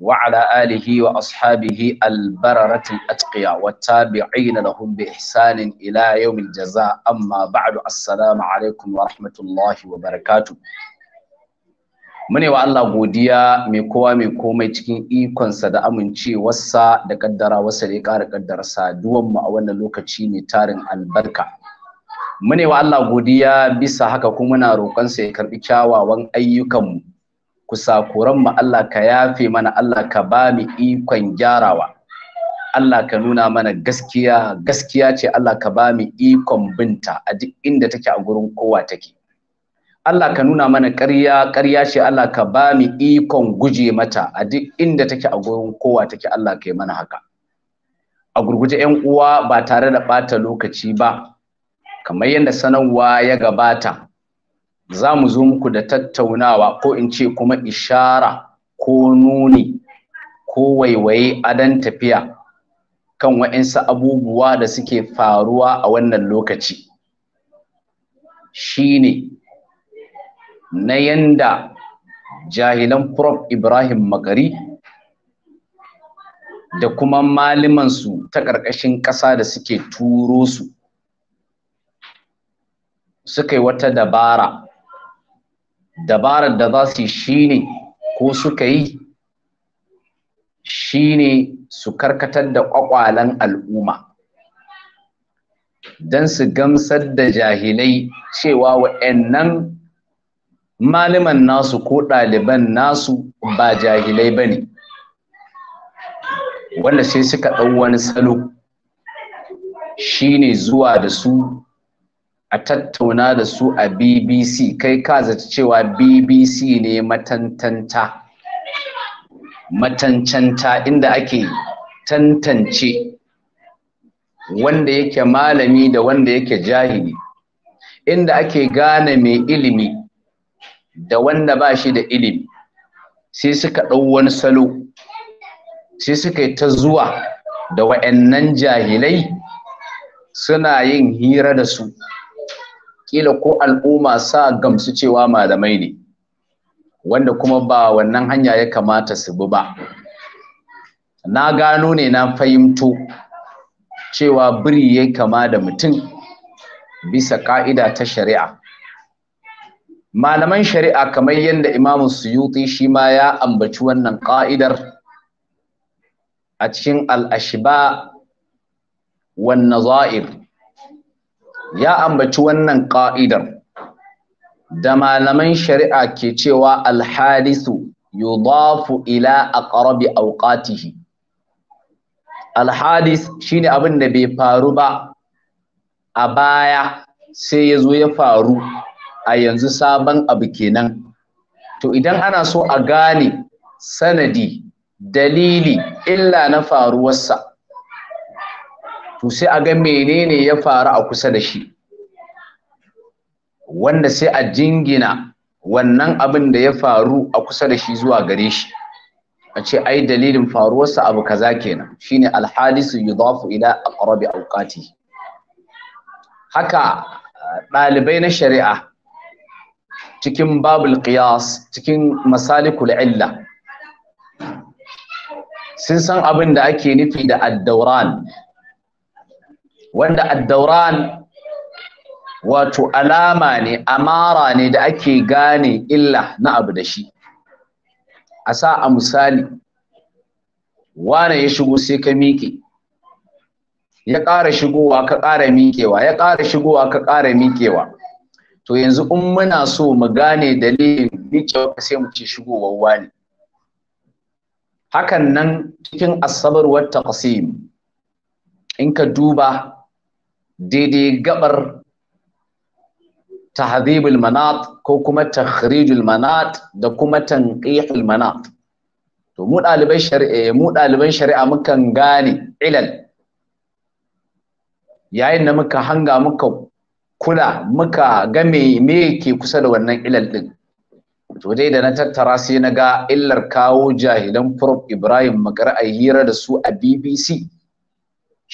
وعلى آله وأصحابه البررة الأتقياء والتابعين لهم بإحسان إلى يوم الجزاء أما بعد السلام عليكم ورحمة الله وبركاته mune wa Allah godiya mai kowa mai komai cikin ikonsa da amincewarsa da kaddara wasa da ya ƙara kaddara saduwan mu a wannan lokaci mai tarin albarka mune wa Allah godiya bisa haka kuma muna roƙonsa ya karbi kyawawan ayyukan mu kusakuran mu Allah ka yafe mana Allah ka ba mu ikon gyarawa Allah ka nuna mana gaskiya gaskiya ce Allah ka ba mu ikon binta a duk inda take a gurin kowa take Allah ka nuna mana ƙarya ƙarya ce Allah ka ba mu ikon guje mata a duk inda take a gurin kowa take Allah ka yi mana haka a gurguje 'yan uwa ba tare da ɓata lokaci ba kamar yadda sanarwa ya gabata za mu zo muku da tattaunawa ko in ce kuma ishara ko nuni ko waiwaye adon tafiya kan waɗansu abubuwa da suke faruwa a wannan lokaci shine na yanda jahilan prof ibrahim magari da kuma malimansu ta ƙarƙashin ƙasa da suke turo su suka yi wata dabara dabarar da za su yi shine ko suka yi shine su karkatar da kwakwalen al'umma don su gamsar da jahilai cewa wa'annan malaman nasu ko ɗaliban nasu ba jahilai ba ne wanda sai suka ɗau wani salo shine zuwa da su a tattauna da su a bbc kai ka zata cewa bbc ne matantanta matancanta inda ake tantance wanda yake malami da wanda yake jahili inda ake gane mai ilimi da wanda ba shi da ilimi sai suka ɗau wani salo sai suka yi ta zuwa da wa'annan jahilai suna yin hira da su kila ko al'umma sa gamsu cewa malamai ne wanda kuma ba wannan hanya ya kamata su bi ba na gano ne na fahimto cewa biri ya kama da mutum bisa ka'ida ta shari'a malaman shari'a kamar yadda imamu suyuti shi ma ya ambaci wannan ka'idar a cikin al'ashiba wan nazair ya ambaci wannan ƙa'idar da malaman shari'a ke cewa alhadisu yudafu ila ƙarabi awqatihi alhadis shine abin da bai faru ba a baya sai ya zo ya faru a yanzu sabon abu kenan to idan ana so a gane sanadi dalili illa na faruwarsa to sai a ga menene ya faru a kusa da shi wanda sai a jingina wannan abin da ya faru a kusa da shi zuwa gare shi a ce ai dalilin faruwarsa abu kaza kenan shine alhadisu yudafu ila aqrabi awqati haka eh, ɗalibai na shari'a cikin babul qiyas cikin masalikul illa sun san abin da ake nufi da addauran wanda addauran wato alama ne amara ne da ake gane illa na abu da shi a sa a misali wane ya shigo sai ka miƙe ya ƙara shigowa ka ƙara miƙewa ya ƙara shigowa ka ƙara miƙewa to yanzu in muna so mu gane dalilin miƙewa sai mu ce shigowar wani hakan nan cikin asabar wata in ka duba daidai gabar tahdhibul manat ko kuma takhrijul manat da kuma tanqihul manat to mu ɗaliban shari'a mu ɗaliban shari'a mukan gane ilal yayin da muka hanga muka kula muka ga me me ke kusa da wannan ilal din to dai da na tattara sai na ga illar kawo jahilan prof ibrahim makar a hira da su a bbc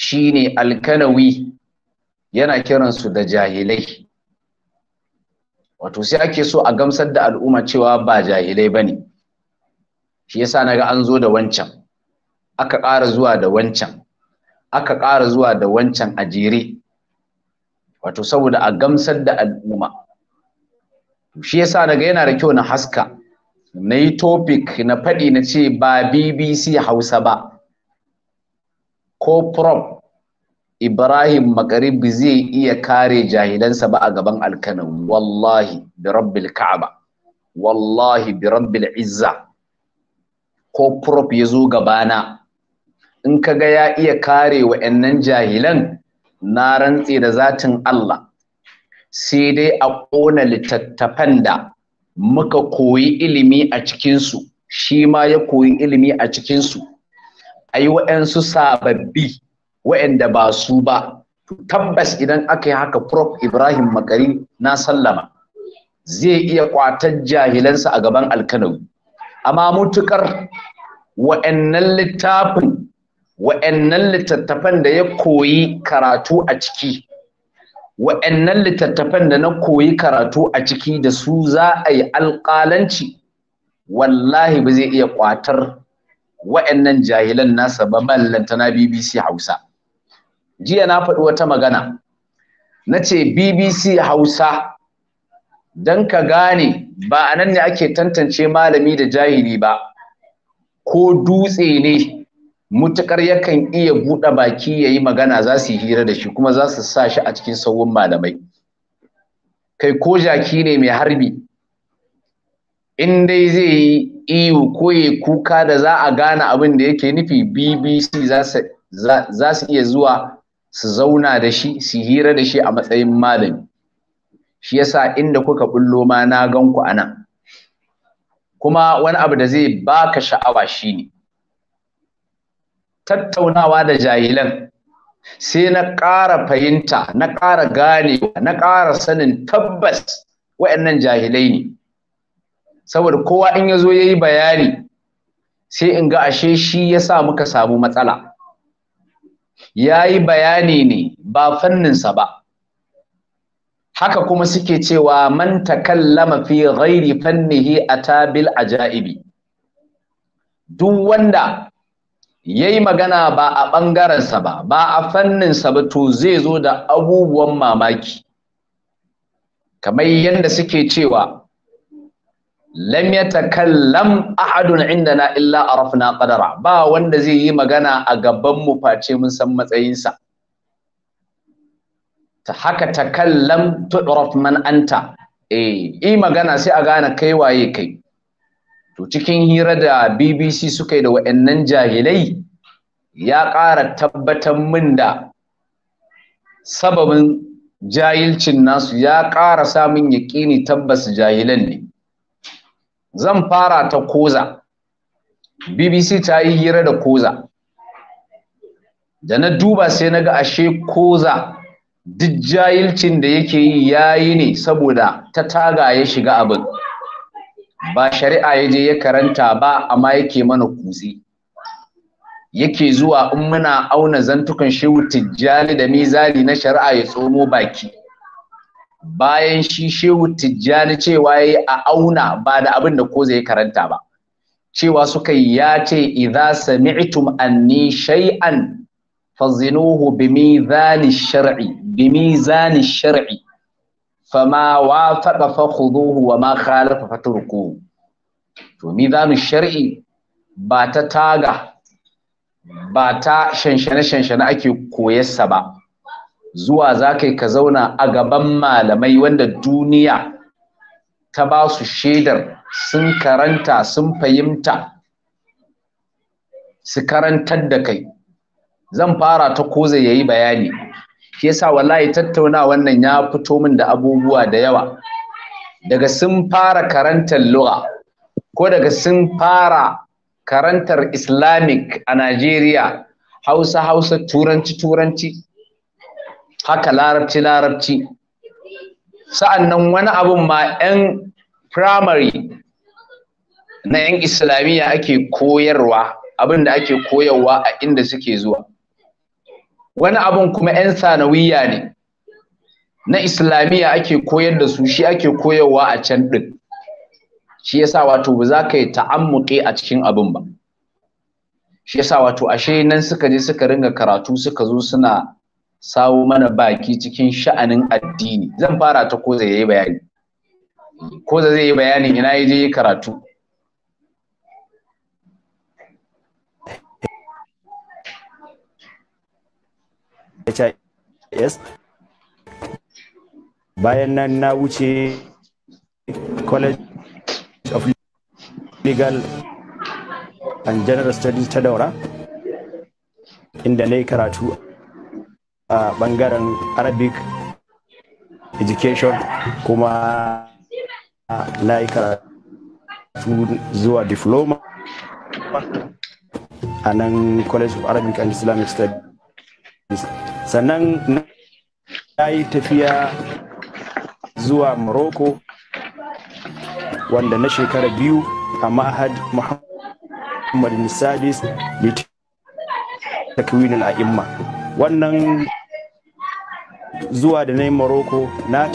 shine alkanawi yana kiransu da jahilai wato sai ake so a gamsar da al'umma cewa ba jahilai ba ne shi yasa na ga an zo da wancan aka ƙara zuwa da wancan aka ƙara zuwa da wancan a jere wato saboda a gamsar da al'umma shi yasa na ga yana da kyau na haska na yi topic na faɗi na ce ba bbc hausa ba ko prop Ibrahim Makaribi zai iya kare jahilansa ba a gaban alkanan wallahi bi rabbil ka'aba wallahi bi rabbil izza ko prof ya zo gabana in kaga ya iya kare wa'annan jahilan na rantse da zatin Allah sai dai a ƙona littattafan da muka koyi ilimi a cikinsu shi ma ya koyi ilimi a cikinsu a yi wa'yansu sababbi wa'anda ba su ba tabbas idan aka yi haka prof ibrahim makari na sallama zai iya kwatar jahilansa a gaban alkanawi amma mutukar wa'annan littafin wa'annan littattafan da ya koyi karatu a ciki wa'annan littattafan da na koyi karatu a ciki da su za a yi alƙalanci wallahi ba zai iya kwatar wa'annan jahilan nasa ba mallanta na bbc hausa jiya na faɗi wata magana na ce bbc hausa don ka gane ba a nan ne ake tantance malami da jahili ba ko dutse ne mutukar yakan iya buɗe baki ya yi magana za su yi hira da shi kuma za su sa shi a cikin sauwin malamai kai ko jaki ne mai harbi in dai zai yi iyo ko ya kuka da za a gane abin da yake nufi bbc za su iya zuwa su zauna da shi su hira da shi a matsayin malami shi yasa inda kuka bullo ma na ganku ku anan kuma wani abu da zai baka sha'awa shine tattaunawa da jahilan sai na ƙara fahimta na ƙara ganewa na ƙara sanin tabbas waɗannan jahilai ne saboda kowa in ya zo ya yi bayani sai in ga ashe shi ya sa muka samu matsala ya yi bayani ne ba fanninsa ba haka kuma suke cewa man takallama fi ghairi fannihi a tabil ajaibi duk wanda yayi magana ba a ɓangarensa ba ba a fanninsa ba to zai zo da abubuwan mamaki kamar yadda suke cewa lam yatakallam ahadun indana illa arafna qadara ba wanda zai yi magana a gaban mu face mun san matsayinsa ta haka takallam tudraf man anta eh yi magana sai a gane kai waye kai to cikin hira da BBC suka yi da wayannan jahilai ya ƙara tabbatar min da sababin jahilcin nasu ya ƙara samun yaƙini tabbas jahilan ne zan fara ta koza bbc ta yi hira da koza da na duba sai na ga ashe koza duk jahilcin da yake yi ya yi ne saboda ta taga ya shiga abin ba shari'a ya je ya karanta ba amma yake mana kutse yake zuwa in muna auna zantukan shehu tijjali da mizali na shari'a ya tsomo baki bayan shi shehu tijjani cewa ya yi a auna ba da abin da ko zai karanta ba cewa suka yi ya ce idza sami'tum anni shay'an fazinuhu bimizani shar'i bimizani shar'i fama wafaqa fakhuduhu wa ma khalafa turku to mizanu shar'i ba ta taga ba ta shanshane shanshane ake koyarsa ba zuwa za ka zauna a gaban malamai wanda duniya ta ba su shaidar sun karanta sun fahimta su karantar da kai zan fara ta koza ya yi bayani shi yasa wallahi tattauna wannan ya fito min da abubuwa da yawa daga sun fara karantar lura ko daga sun fara karantar islamic a najeriya hausa hausa turanci turanci haka larabci larabci sa'annan wani abun ma 'yan primary na 'yan islamiyya ake koyarwa abin da ake koyarwa a inda suke zuwa wani abun kuma 'yan sanawiyya ne na islamiyya ake koyar da su shi ake koyarwa a can ɗin shi yasa wato ba za ka yi ta'ammuƙe a cikin abin ba shi yasa wato ashe nan suka je suka ringa karatu suka zo suna sawo mana baki cikin sha'anin addini zan fara ta ko zai yi bayani Ko zai yi bayani ina yi je karatu yes bayan nan na wuce college of legal and general studies ta daura inda na yi karatu a bangaren arabic education kuma na yi karatu zuwa diploma a nan college of arabic and islamic studies sannan na yi tafiya zuwa morocco wanda na shekara biyu a ma'ahad muhammadu nisadis litin takwinin a'imma wannan zuwa da na yi Morocco na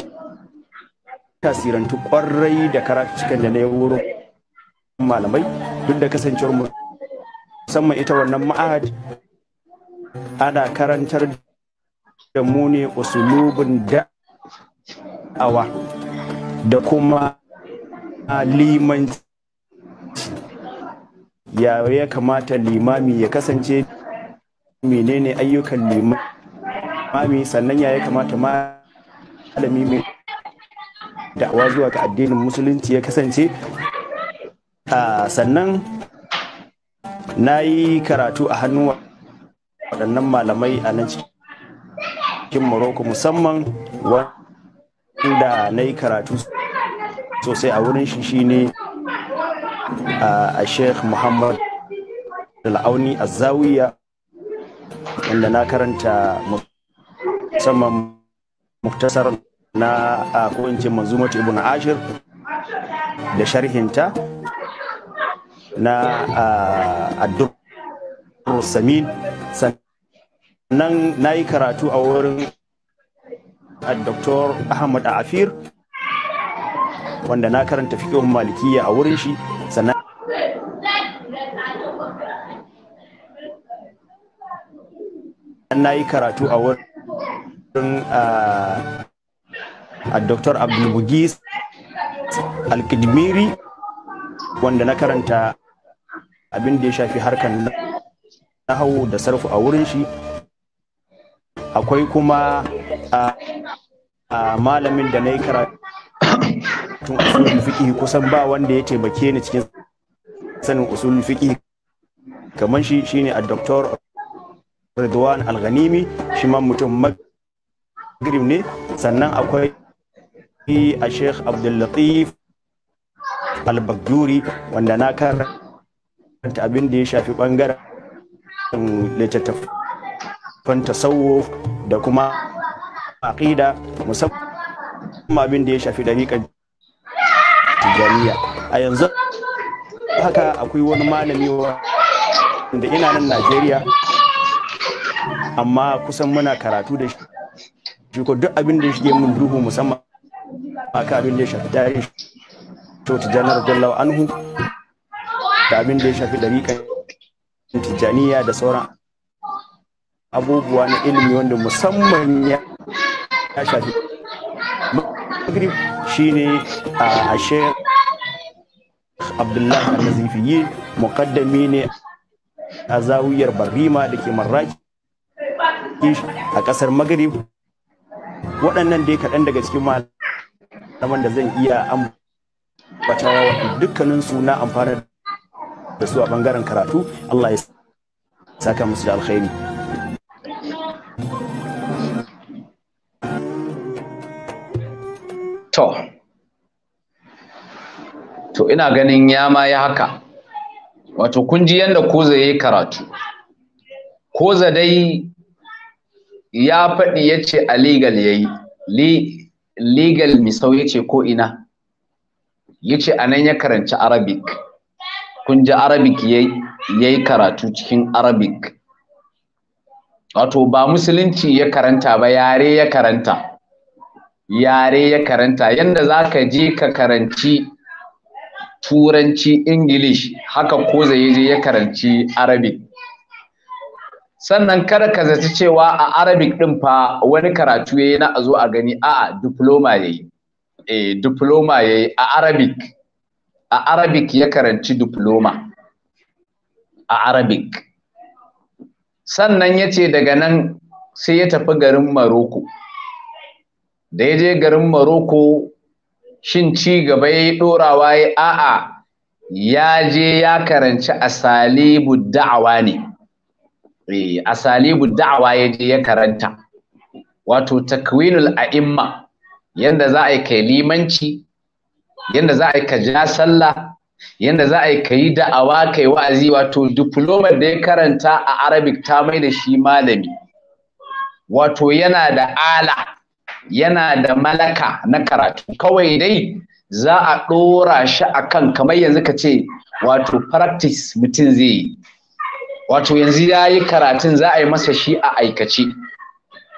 tasirantu kwarai da karatun da na yi wurin malamai duk da kasancewar musamman ita wannan ma'ad ana karantar da mu ne usulubin da'awa da kuma limanci ya ya kamata limami ya kasance menene ayyukan limami mami sannan ya kamata malami mai da'awa zuwa ga addinin musulunci ya kasance sannan na yi karatu a hannu waɗannan malamai a nan cikin Morocco musamman wanda na yi karatu sosai a wurin shi shine a sheikh muhammad al'auni a zawiya wanda na karanta musulunci. musamman muktasar na a kowace manzumatu ibn ashir da sharhinta na adduar samin sannan na yi karatu a wurin dr ahmad afir wanda na karanta fikihun malikiya a wurin shi sannan na yi karatu a wurin A Dr. abdulbugis Alkidmiri wanda na karanta abin da ya shafi harkan hau da sarfu a wurin shi akwai kuma a malamin da na yi karatu usulun fiƙi kusan ba wanda ya taimake ni cikin sanin usulun fiƙi kamar shi shine a Dr. Ridwan alganimi shi ma mutum magrib ne sannan akwai a Sheikh Abdullatif al wanda na karanta abin da ya shafi bangaren littattafan tasawuf da kuma aqida musamman abin da ya shafi dariƙar tijaniya a yanzu haka akwai wani malami da ina nan Najeriya amma kusan muna karatu da shi shi ko duk abin da shige min duhu musamman aka abin da ya shafi tarihi to tijanar radiyallahu anhu da abin da ya shafi dariƙa tijaniya da sauran abubuwa na ilimi wanda musamman ya shafi magrib shine a ashe abdullahi al-nazifiyi muqaddami ne a zawiyar barrima da ke marraki a ƙasar magrib waɗannan dai kaɗan daga cikin malaman da zan iya ambata dukkanin su na amfana da su a bangaren karatu Allah ya saka musu da alkhairi to to ina ganin ya ma ya haka wato kun ji yadda koza ya yi karatu koza dai ya faɗi ya ce a legal ya yi legal misau ya ce ko ina ya ce a nan ya karanci arabic kun ji arabic ya yi karatu cikin arabic wato ba musulunci ya karanta ba yare ya karanta yare ya karanta yadda za ka je ka karanci turanci english haka ko zai je ya karanci arabic sannan kada ka zaci cewa a arabic din fa wani karatu yayi na a zo a gani a'a diploma yayi eh diploma yayi a arabic a arabic ya karanci diploma a arabic sannan ya ce daga nan sai ya tafi garin maroko da ya je garin maroko shin ci gaba ya yi ɗorawa ya a'a ya je ya karanci a asalibu da'awa ne Eh, a salibu da'awa ya je ya karanta wato takwinul a'imma yanda za a yi kai limanci yanda za a yi ka ja sallah yanda za a yi ka yi da'awa kai wa'azi wato diploma da ya karanta a arabic ta mai da shi malami wato yana da ala yana da malaka na karatu kawai dai za a ɗora shi akan kamar yanzu ka ce wato practice mutum zai yi wato yanzu ya yi karatun za a yi masa shi a aikace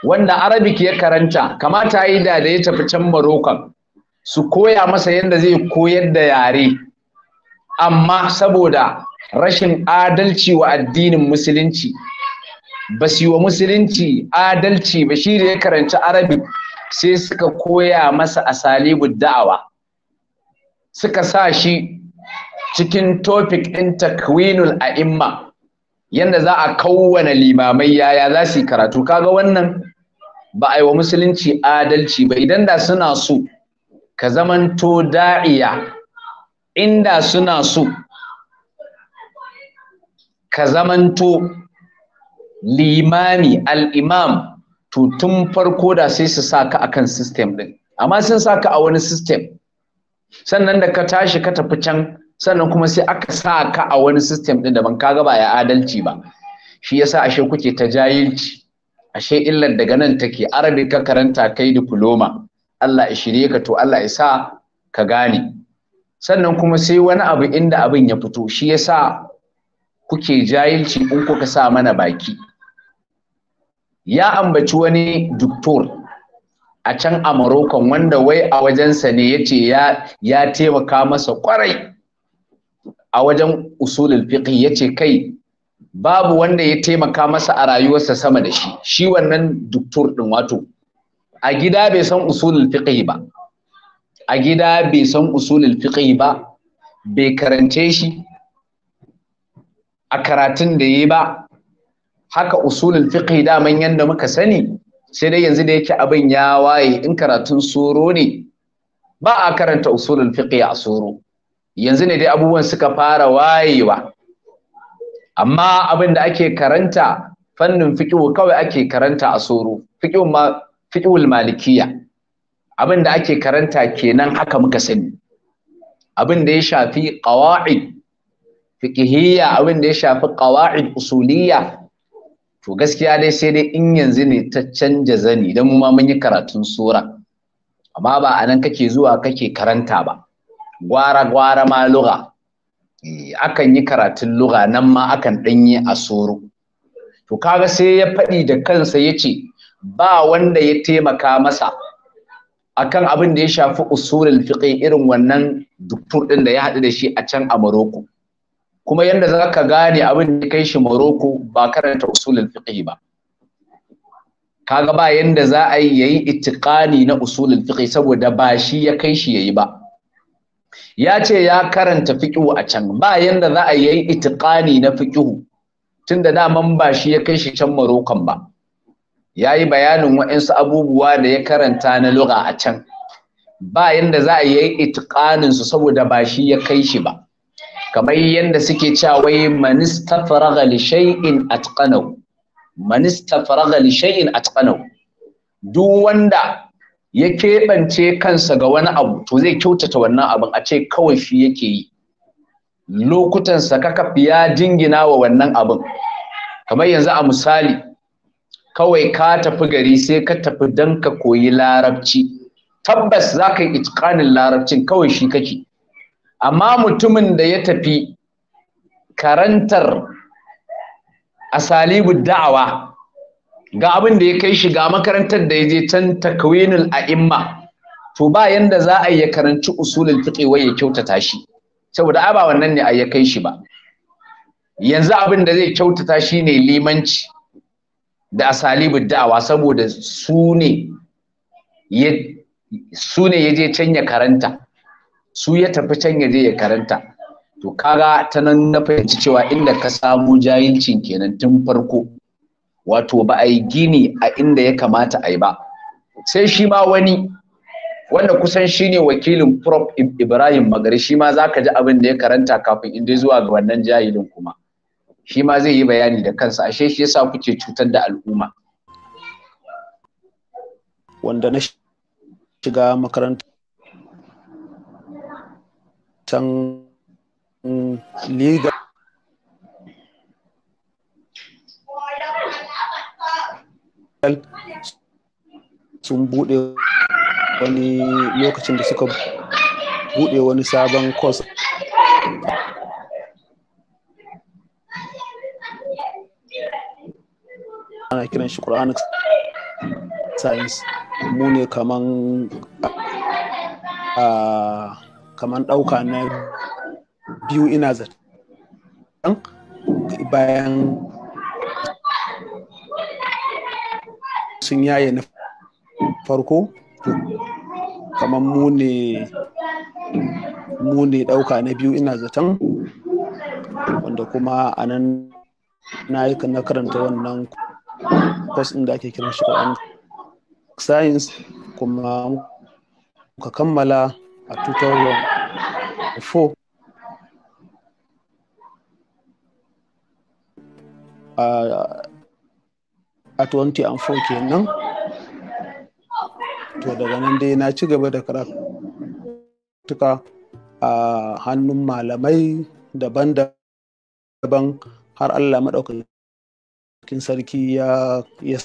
wanda arabic ya karanta kamata yi da da ya tafi can marokon su koya masa yadda zai koyar da yare amma saboda rashin adalci wa addinin musulunci ba su wa musulunci adalci ba shi da ya karanci arabic sai suka koya masa asalibu da'awa suka sa shi cikin topic ɗin takwinul a'imma yanda za a kawwana limamai yaya za su yi karatu kaga wannan ba a yi wa musulunci adalci ba idan da suna so ka zamanto da'iya inda suna so ka zamanto limami al'imam to tun farko da sai su sa ka akan system din amma sun sa a wani system sannan da ka tashi ka tafi can sannan kuma sai aka sa ka a wani system din daban kaga ba ya adalci ba shi yasa ashe kuke ta jahilci ashe illar daga nan take arabi ka karanta kai diploma Allah ya shirye ka to Allah ya sa ka gane sannan kuma sai wani abu inda abin ya fito shi yasa kuke jahilci in kuka sa mana baki ya ambaci wani doctor a can a wanda wai a wajensa ne ya ce ya taimaka masa kwarai a wajen usulul fiqh yace kai babu wanda ya taimaka masa a rayuwarsa sama da shi shi wannan doktor din wato a gida bai san usulul fiqh ba a gida bai san usulul fiqh ba bai karance shi a karatun da yi ba haka usulul fiqh man yanda muka sani sai dai yanzu da yake abin ya waye in karatun soro ne ba a karanta usulul fiqh a soro yanzu ne dai abubuwan suka fara wayewa amma abin da ake karanta fannin fiqhu kawai ake karanta a soro fiqhu malikiya. abin da ake karanta kenan haka muka sani abin da ya shafi qawa'id fiqhiyya abin da ya shafi qawa'id usuliyya to gaskiya dai sai dai in yanzu ne ta canja zani dan mu ma mun yi karatun sura amma ba a nan kake zuwa kake karanta ba gwara-gwara ma luga eh, akan yi karatun luga nan ma akan ɗanyi a soro to kaga sai ya faɗi da kansa ya ce ba wanda ya taimaka masa akan abin da ya shafi usulul fiqi irin wannan duktur ɗin da ya haɗu da shi a can a Morocco kuma yanda za ka gane abin da kai shi Morocco ba karanta usulul fiqi ba kaga ba yanda za a yi yayi itiqani na usulul fiqi saboda ba shi ya kai shi yayi ba ya ce ya karanta fiƙihu a can ba yanda za a yi itiqani na fiƙihu, tunda daman ba shi ya kai shi can Moroccan ba yi bayanin waɗansu abubuwa da ya karanta na lugha a can ba yanda za a yi itiqanin su saboda ba shi ya kai shi ba kamar yanda suke cewa wai man istafraga li shay'in atqanahu man istafraga li shay'in duk wanda ya keɓance kansa ga wani abu to zai kyautata wannan abin a ce kawai shi yake yi Lokutansa kakafi ya jingina wa wannan abin kamar yanzu a misali kawai ka tafi gari sai ka tafi dan ka koyi larabci tabbas za ka yi itkanin larabcin kawai shi kake amma mutumin da ya tafi karantar asalibu da'awa ga abin da ya kai shi ga makarantar da ya je can takwinul a'imma to ba yanda za a yi ya karanci usulul fiqh wai ya kyautata shi saboda ai ba wannan ne a ya kai shi ba yanzu abin da zai kyautata shi ne limanci da asalibu da'awa saboda su ne ya su ne ya je can ya karanta su ya tafi can ya je ya karanta to kaga ta nan na fahimci cewa inda ka samu jayincin kenan tun farko wato ba a yi gini a inda ya kamata a yi ba sai shi ma wani wanda kusan shi ne wakilin prop ibrahim magari shi ma za ka ji abin da ya karanta kafin inda zuwa ga wannan jahilin kuma shi ma zai yi bayani da kansa ashe shi yasa kuke cutar da al'umma wanda na shiga makaranta tan mm, sun buɗe wani lokacin da suka buɗe wani sabon course ana kiran shi Quranic science mu ne kaman a kaman ɗauka na biyu ina zaton bayan sun yaye na farko kamar mu ne ɗauka na biyu ina zaton wanda kuma a nan na yi na karanta wannan kwas ɗin da ake kiran shi Quran science kuma muka kammala a 2004 a a 2004 kenan to daga nan dai na ci gaba da karatuka a hannun malamai daban-daban har allah maɗaukakin sarki ya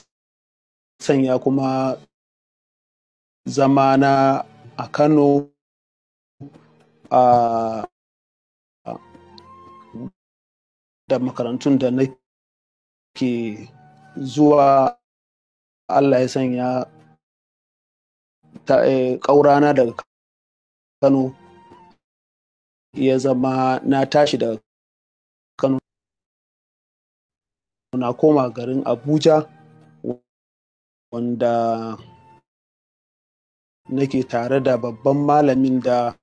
sanya kuma zamana a kano a da makarantun da nake zuwa Allah ya sanya eh, ƙaurana daga Kano ya zama na tashi daga Kano na koma garin Abuja wanda nake tare da babban malamin da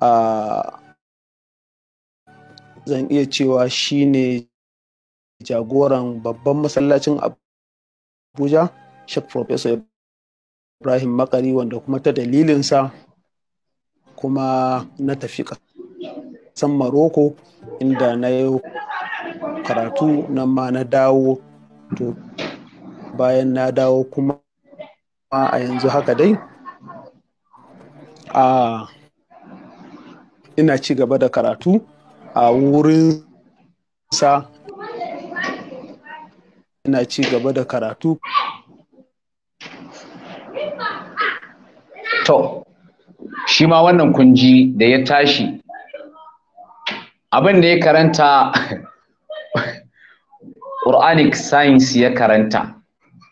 ah, zan iya cewa shi ne. jagoran babban masallacin abuja sheikh professor ibrahim makari wanda kuma ta dalilinsa kuma na tafi san maroko inda na yi karatu nan ma na dawo to bayan na dawo kuma a yanzu haka dai a ina ci gaba da karatu a wurin sa yana ci gaba da karatu to shi ma wannan kunji da ya tashi abin da ya karanta Quranic science ya karanta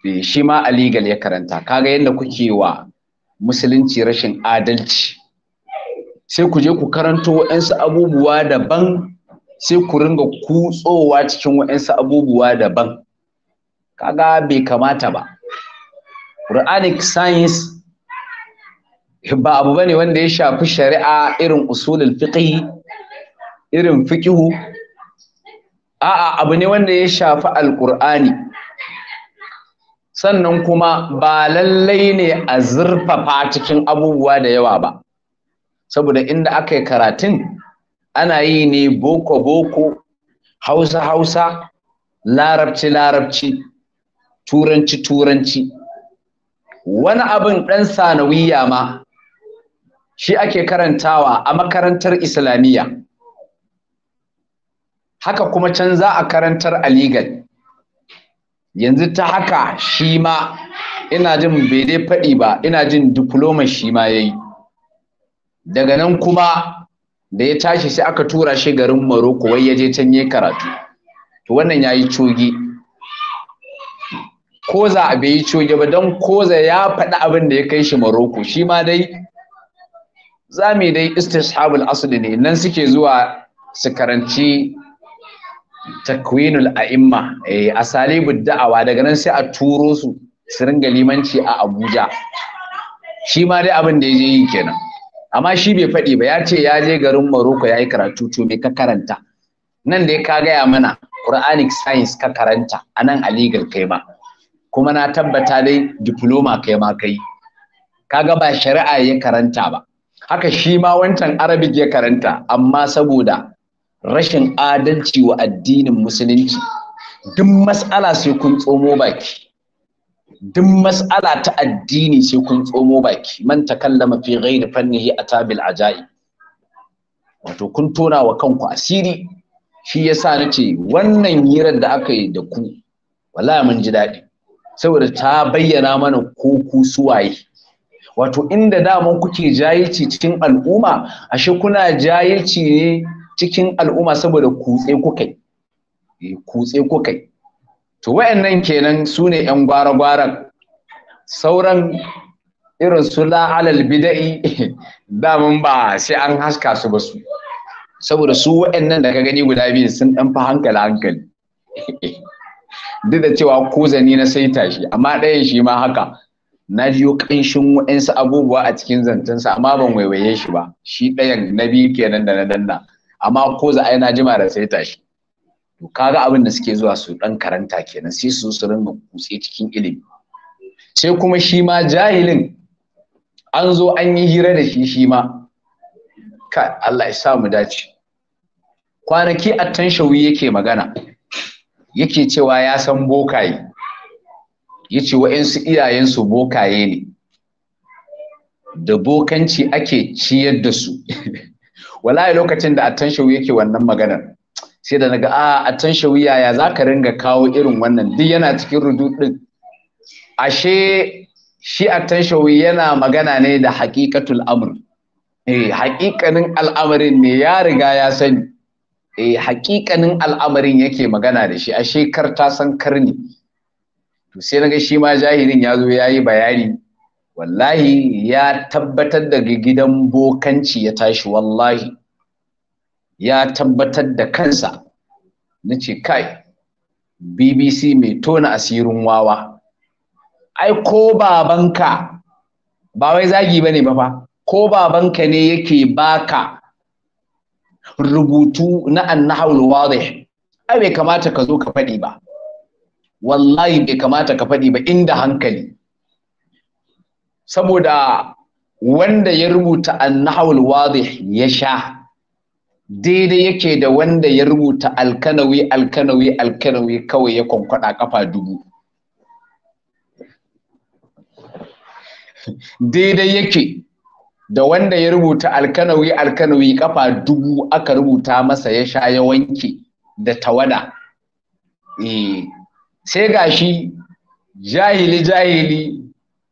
eh, shi ma illegal ya karanta kaga yadda kuke wa musulunci rashin adalci sai ku je ku karanto waɗansu abubuwa daban sai ku ringa kutsowa cikin waɗansu abubuwa daban kaga bai kamata ba quranic science ba abu bane wanda ya shafi shari'a irin usulul fiqh irin fiqhu a'a abu ne wanda ya shafi alqur'ani sannan kuma ba lallai ne a zurfafa cikin abubuwa da yawa ba saboda inda aka yi karatun ana yi ne boko boko hausa hausa larabci larabci turanci turanci wani abin ɗan sanawiya ma shi ake karantawa a makarantar islamiyya haka kuma can za a karantar a yanzu ta haka shi ma ina jin bai dai faɗi ba ina jin diploma shi ma ya yi daga nan kuma da ya tashi sai aka tura shi garin maroko wai ya je can ya karatu to wannan ya yi cogi koza a bai yi coge ba don koza ya faɗi abin da ya kai shi maroko shi ma dai za mu dai istishabul asali ne nan suke zuwa su karanci takwinul a'imma eh, a salibu da'awa daga nan sai a turo su su ringa limanci a abuja shi ma dai abin da ya je yi kenan amma shi bai faɗi ba ya ce ya je garin maroko ya yi karatu to me ka karanta nan dai ka gaya mana quranic science ka karanta a nan a legal kai ma kuma na tabbata dai diploma kai ma kai kaga ba shari'a ya karanta ba haka shi ma wancan arabic ya karanta amma saboda rashin adalci wa addinin musulunci duk mas'ala sai kun tsomo baki duk mas'ala ta addini sai kun tsomo baki man takallama fi ghairi fannihi atabil aja'i. wato kun tona wa kanku asiri shi yasa nace wannan hirar da aka yi da ku wallahi mun ji daɗi saboda ta bayyana mana ko ku suwaye wato inda daman kuke jahilci cikin al'umma ashe kuna jahilci ne cikin al'umma saboda kutse kuka eh, kutse kuka to wayannan kenan su ne yan gwara sauran irin su la'alal bida'i daman ba sai an haska su ba su saboda su wayannan da ka gani guda biyu sun dan fa hankali hankali duk da cewa kuzani na sai tashi amma ɗayan shi ma haka na jiyo ƙanshin waɗansu abubuwa a cikin zancensa amma ban waiwaye shi ba shi ɗayan na biyu kenan da na danna amma ko za na jima da sai tashi to kaga abin da suke zuwa su ɗan karanta kenan sai su su ringa kutse cikin ilimi sai kuma shi ma jahilin an zo an yi hira da shi shi ma kai Allah ya sa mu dace kwanaki attan shawi yake magana yake cewa ya san bokaye yace wa'ansu iyayensu bokaye ne da bokanci ake ciyar da su wallahi lokacin da attan yake wannan maganar sai da naga a ah, attan yaya za ka ringa kawo irin wannan duk yana cikin rudu ashe shi attan yana magana ne da haqiqatul amr eh haqiqanin al'amarin ne ya riga ya sani eh haƙiƙanin al'amarin yake magana da shi a shekar ta san karni to sai naga shi ma jahirin ya zo ya yi bayani wallahi ya tabbatar da gidan bokanci ya tashi wallahi ya tabbatar da kansa na ce kai bbc mai tona asirin wawa ai ko babanka ba wai zagi ba ne ba fa ko babanka ne yake baka rubutu na annahawul wadih ai bai kamata ka zo ka faɗi ba wallahi bai kamata ka faɗi ba inda hankali saboda wanda ya rubuta annahawul wadih ya sha daidai yake da wanda ya rubuta alkanawi alkanawi alkanawi kawai ya kwankwada kafa dubu daidai yake da wanda ya rubuta alkanawi alkanawi kafa dubu aka rubuta masa ya sha ya wanke da tawada eh sai gashi jahili jahili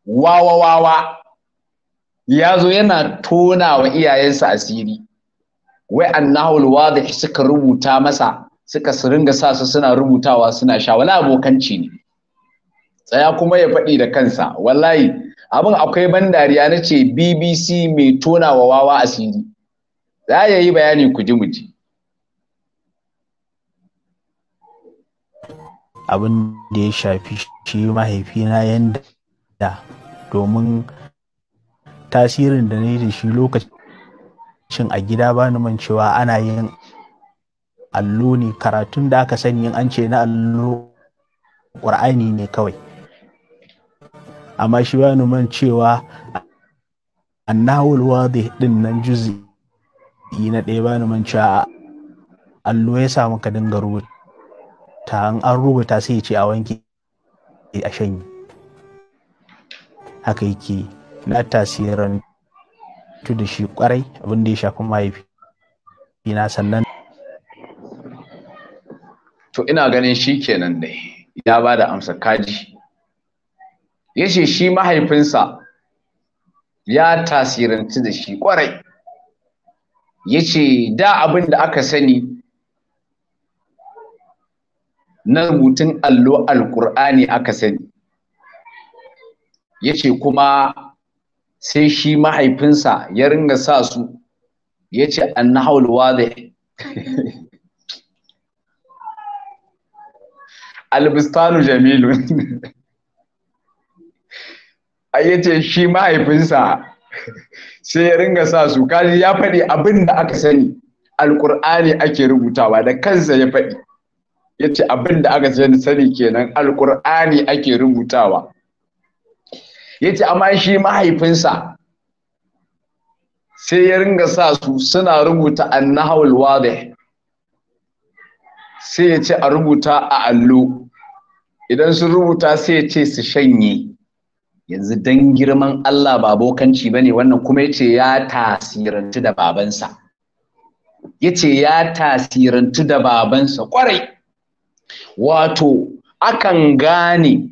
wawa wawa ya zo yana tona wa iyayensa asiri wai annahul wadih suka rubuta masa suka su sa su suna rubutawa suna sha wala abokanci ne tsaya kuma ya faɗi da kansa wallahi abin akwai ban dariya na ce bbc mai tona wa wawa asiri za ya yi bayani ku ji muji abin da ya shafi shi mahaifina yadda domin tasirin da na yi da shi lokacin a gida ba ni cewa ana yin allo ne karatun da aka sani an ce na allo ƙur'ani ne kawai amma shi ba man cewa annahul wadi din nan juzi na ɗaya ba man cewa allo ya samu ka dinga rubuta an an rubuta sai ya ce a wanke a shanyi haka yake na tasirin tu da shi kwarai abin da ya shafi mahaifi ina sannan to ina ganin shi kenan ne ya ba da amsa kaji Yace shi mahaifinsa ya tasirantu da shi kwarai Yace, da abin da aka sani na rubutun allo alkur'ani aka sani Yace kuma sai shi mahaifinsa ya ringa sa su ya ce annahawul albistanu jamilun ai yace shi mahaifinsa sai ya ringa sa su kaji ya faɗi abin da aka sani alkur'ani ake rubutawa da kansa ya faɗi ce abin da aka sani sani kenan alkur'ani ake rubutawa yace amma shi mahaifinsa sai ya ringa sa su suna rubuta annahawul wadih sai ya ce a rubuta a allo idan sun rubuta sai ya ce su shanye yanzu dan girman Allah ba bokanci ne wannan kuma yace ya tasirantu da babansa yace ya tasirantu da babansa kwarai wato akan gane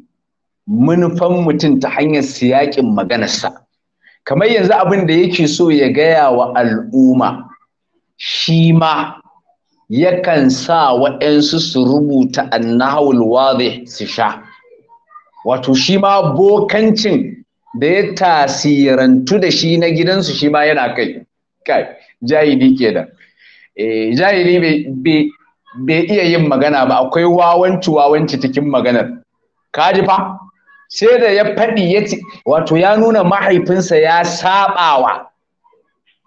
manufan mutum ta hanyar siyakin maganarsa kamar yanzu abin da yake so ya gaya wa al'umma shi ma yakan sa waɗansu su rubuta annahawul wadih su sha wato shi ma bokancin da ya tasirantu da shi na gidansu shi ma yana kai kai jahili kenan eh jahili bai iya yin magana ba akwai wawanci wawanci cikin maganar kaji fa sai da ya faɗi ya wato ya nuna mahaifinsa ya saɓawa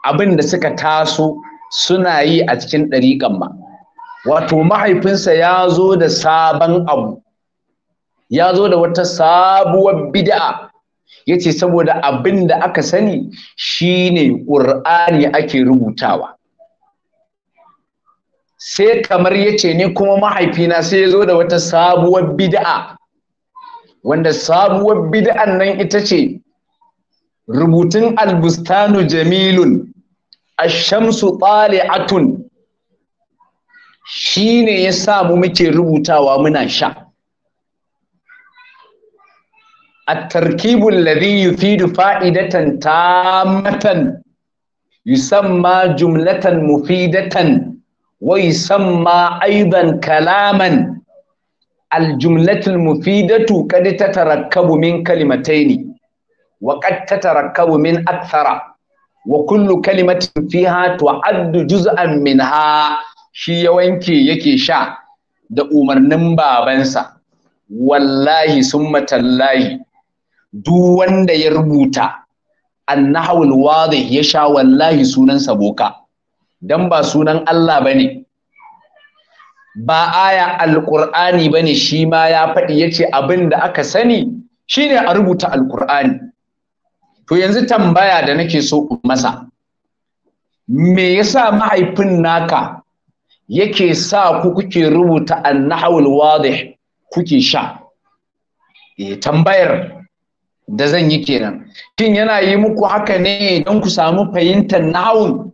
abin da suka taso suna yi a cikin ɗariƙan ma wato mahaifinsa ya zo da sabon abu ya zo da wata sabuwar bid'a yace saboda abin da aka sani shine ƙur'ani ake rubutawa sai kamar yace ne kuma mahaifina sai ya zo da wata sabuwar bid'a wanda sabuwar bid'an nan ita ce rubutun albustanu jamilun ashamsu tali'atun shine ya mu muke rubutawa muna sha التركيب الذي يفيد فائدة تامة يسمى جملة مفيدة ويسمى أيضا كلاما الجملة المفيدة قد تتركب من كلمتين وقد تتركب من أكثر وكل كلمة فيها تعد جزءا منها shi ya wanke yake sha da umarnin babansa wallahi sun matallahi duk wanda ya rubuta annahawul wadih ya sha wallahi sunansa boka dan ba sunan Allah bane ba aya alqur'ani bane shi ma ya faɗi yace abin da aka sani shine a rubuta alqur'ani to yanzu tambaya da nake so in masa me yasa mahaifin naka yake sa ku kuke rubuta annahawul wadih kuke sha eh tambayar da zan yi kenan shin yana yi muku haka ne don ku samu fahimtar na'awun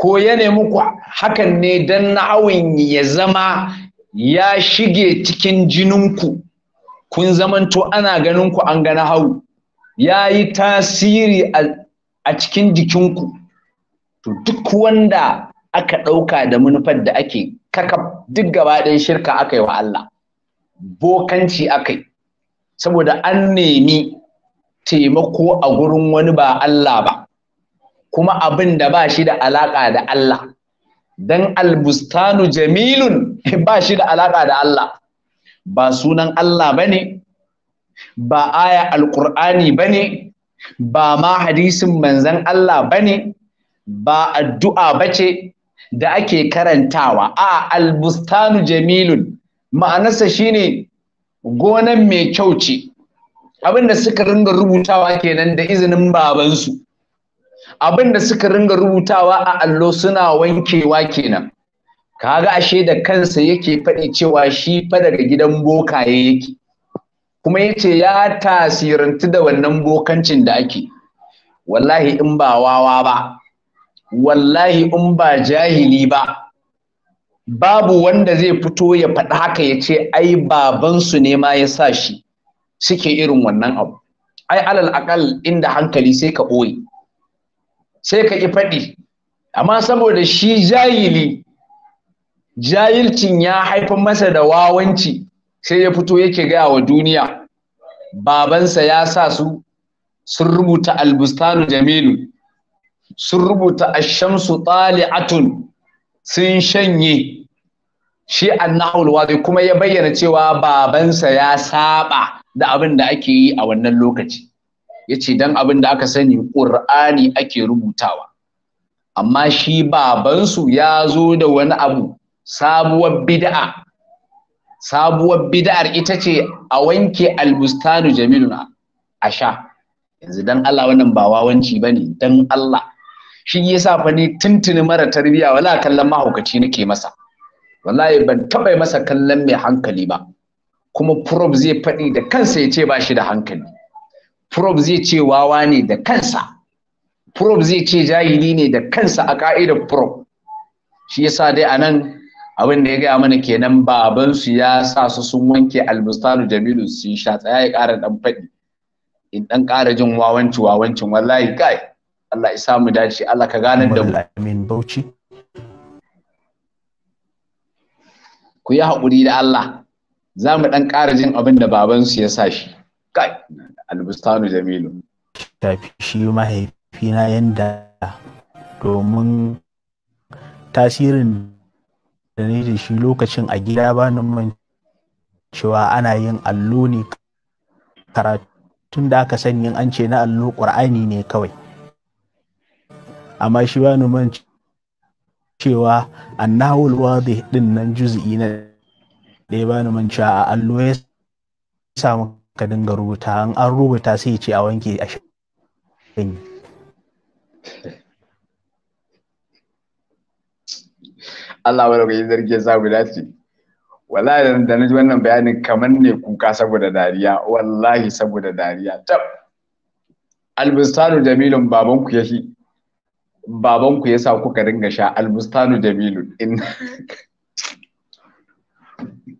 ko ya ne muku hakan ne don na'awun ya zama ya shige cikin jininku kun zamanto ana ganin ku an gana hau ya yi tasiri a cikin jikinku to duk wanda aka ɗauka da manufar da ake kaka duk gabaɗin shirka aka yi wa Allah bokanci aka yi saboda an nemi taimako a gurin wani ba Allah ba kuma abin da ba shi da alaƙa da Allah don albustanu jamilun ba shi da alaƙa da Allah ba sunan Allah ba ne ba aya alƙur'ani ba ne ba ma hadisin manzan Allah ba ne ba addu'a ba ce da ake karantawa a albustanu jamilun ma'anarsa shine gonan mai kyau ce abin da suka ringa rubutawa kenan da izinin babansu abin da suka ringa rubutawa a allo suna wankewa kenan kaga ashe da kansa yake faɗi cewa shi fa daga gidan ya yake kuma yace ya tasirantu da wannan bokancin da ake wallahi in ba wawa ba wallahi in ba jahili ba babu wanda zai fito ya faɗi haka ya ce ai babansu ne ma ya sa shi suke irin wannan abu ai alal akal inda hankali sai ka ɓoye sai ka ƙi faɗi amma saboda shi jahili jahilcin ya haifar masa da wawanci sai ya fito yake gaya wa duniya babansa ya sa su sun rubuta albustanu jamilu sun rubuta ashamsu tali'atun sun shanye shi annahul wadi kuma ya bayyana cewa babansa ya saba da abin da ake yi a wannan lokaci ya ce don abin da aka sani ƙur'ani ake rubutawa amma shi babansu ya zo da wani abu sabuwar bid'a sabuwar bid'ar ita ce a wanke albustanu jamiluna a sha yanzu dan Allah wannan ba wawanci bane dan Allah shi yasa fa ni tuntuni mara tarbiya wala kallon mahaukaci nake masa wallahi ban taɓa masa kallon mai hankali ba kuma prof zai faɗi da kansa ya ce ba shi da hankali prof zai ce wawa ne da kansa prof zai ce jahili ne da kansa a ka'idar prof shi yasa dai a nan abin da ya gaya mana kenan babansu ya sa su sun wanke albustanu jamilu sun sha tsaya ya ƙara ɗan faɗi in ɗan ƙara jin wawanci wawancin wallahi kai Allah ya samu dace Allah ka ganar da mu ku yi haƙuri da Allah za mu ɗan ƙara jin abin da babansu ya sa shi albustanu jamilu tafi shi mahaifina yanda domin tasirin da ne da shi lokacin a gida ba man cewa ana yin allo ne karatun da aka sani an ce na allo ƙur'ani ne kawai amma shi ba man cewa annahul wadih din nan juzi'i na da ya bani manca a allo ya samu ka dinga rubuta an an rubuta sai ya ce a wanke a shanye Allah wa rauka yi zargin samu dace wallahi da na ji wannan bayanin kamar ne kuka saboda dariya wallahi saboda dariya tab albustanu jamilun babanku ya shi babanku ya sa kuka dinga sha albustanu jamilun in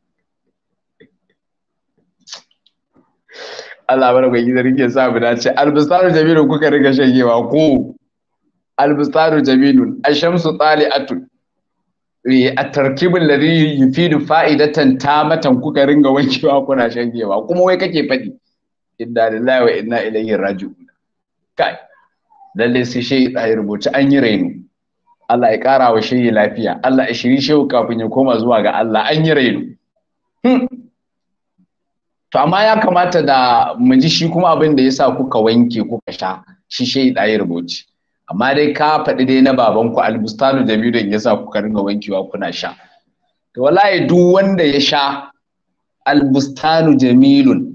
Allah bana kwa gidan rike sa mu dace albistaru jamilun kuka rika shagewa ko albistaru jamilun ashamsu tali'atun eh, a tarkibin da yufidu fa'idatan tamatan kuka ringa wankewa kuna shagewa kuma wai kake faɗi inna lillahi wa inna ilaihi raji'un kai lalle sai shi ya rubuci an yi rainu. Allah ya ƙara wa shehi lafiya Allah ya shiri shi kafin ya koma zuwa ga Allah an yi rainu. Hmm. to amma ya kamata da mu ji shi kuma abin da ya sa kuka wanke kuka sha shi shi ɗaya rubuci amma dai ka faɗi dai na babanku albustanu Jamilu ya sa kuka ringa wankewa kuna sha to wallahi duk wanda ya sha albustanu Jamilu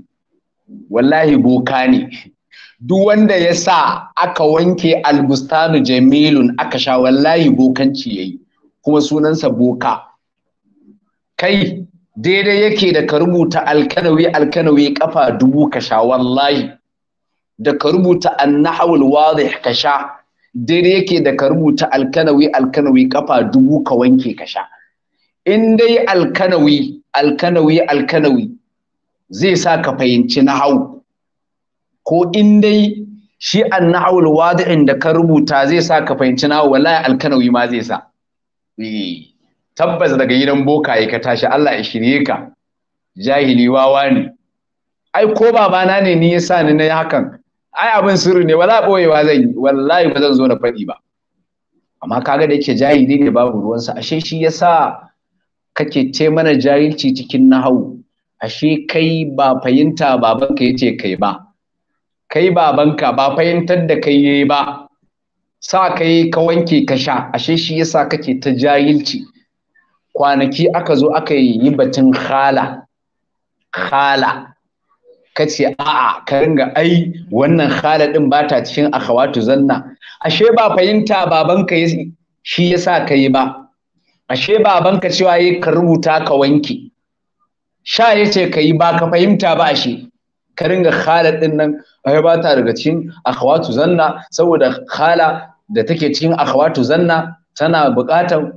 wallahi boka ne duk wanda ya sa aka wanke albustanu jamilun aka sha wallahi bokanci yayi kuma sunansa boka kai daidai yake da ka rubuta alkanawi alkanawi kafa dubu ka sha wallahi da ka rubuta annahawul wadih ka sha daidai yake da ka rubuta alkanawi alkanawi kafa dubu ka wanke ka sha in dai alkanawi alkanawi alkanawi zai sa ka fahimci nahau ko in dai shi annahawul wadih da ka rubuta zai sa ka fahimci nahau wallahi alkanawi ma zai sa eh tabbas daga gidan bokaye ka tashi Allah ya shirye ka jahili wawa ne ai ko babana ne ni yasa ni na hakan ai abin sirri ne wala boyewa zan yi wallahi ba zan zo na fadi ba amma kaga da yake jahili ne babu ruwan sa ashe shi yasa kake ce mana jahilci cikin nahawu ashe kai ba fahimta babanka yace kai ba kai babanka ba fahimtar da kai yayi ba sa kai ka wanke ka sha ashe shi yasa kake ta jahilci kwanaki aka zo aka yi batun khala khala ka ce a'a ka ringa ai wannan khala din ba ta cikin akhawatu zanna ashe ba fahimta babanka shi yasa ka yi ba ashe babanka cewa yi ka rubuta ka wanke sha ya ce ka yi ba ka fahimta ba ashe ka ringa khala din nan ai ba ta daga cikin akhawatu zanna saboda khala da take cikin akhawatu zanna tana buƙatar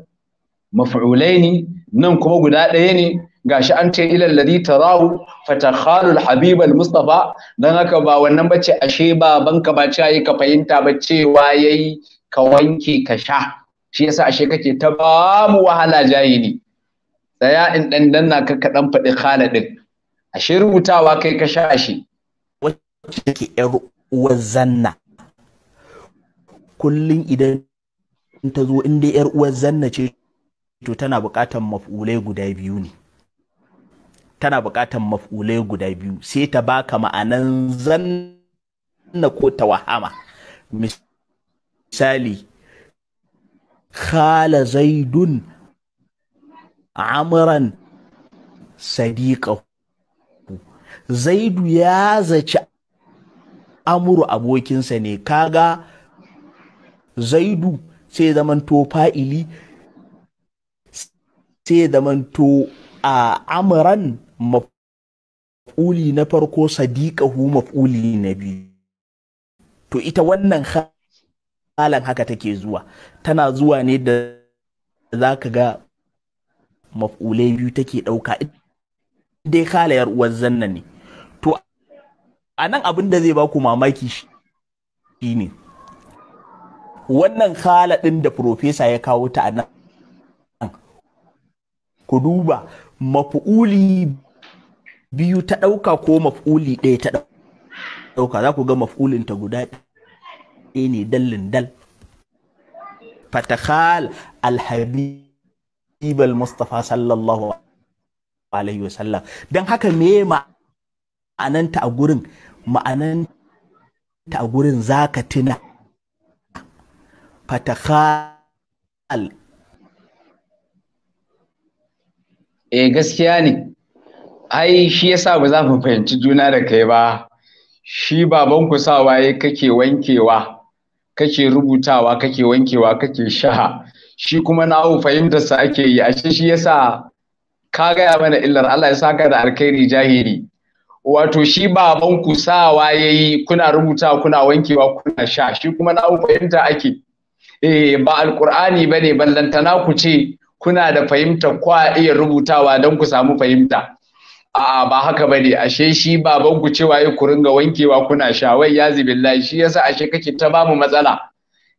maf'ulaini nan kuma guda ɗaya ne ga shi an ce ilal ladhi tarahu fatakhalul habib al mustafa dan haka ba wannan bace ashe banka ba ce ka fahimta ba cewa yayi ka wanke ka sha shi yasa ashe kake ta ba mu wahala jahili tsaya in dan na ka ka fadi faɗi din ashe rubutawa kai ka sha shi wacce ke yar uwar zanna kullun idan ta zo inda yar uwar zanna ce to tana buƙatar maf'ulai guda biyu ne tana buƙatar maf'ulai guda biyu sai ta baka ma'anan zanna ko tawahama misali khala zaidun amran sadiqahu zaidu ya zaci amuru abokinsa ne kaga zaidu sai zaman to fa'ili sai zamanto a amran maf'uli na farko hu maf'uli na biyu to ita wannan halan haka take zuwa tana zuwa ne da za ka ga maf'ulai biyu take ɗauka dai halayar uwar zanna ne to a nan abin da zai baku mamaki shi ne wannan halaɗin da profesa ya kawo ta a nan ku duba maf'uli biyu ta ɗauka ko mafuuli ɗaya ta ɗauka za ku ga mafuulin ta guda ɗaya ne dallin dal fatakhal alhabib al-mustafa sallallahu alaihi wasallam don haka me ma'ananta a gurin ma'ananta a gurin zaka tuna fatakhal eh gaskiya ne ai shi yasa ba za mu fahimci juna da kai ba shi baban ku sa waye kake wankewa kake rubutawa kake wankewa kake sha shi kuma na fahimta sa ake yi ashe shi yasa ka gaya mana illar Allah ya saka da alkhairi jahiri wato shi baban ku sawa yayi kuna rubuta kuna wankewa kuna sha shi kuma na fahimta ake eh ba alqur'ani bane ballantana ku ce kuna da fahimta kwa iya rubutawa don ku samu fahimta a'a ba haka bane ashe shi baban ku cewa yi ku ringa wankewa kuna shawai ya zibillahi shi yasa ashe kake ta bamu matsala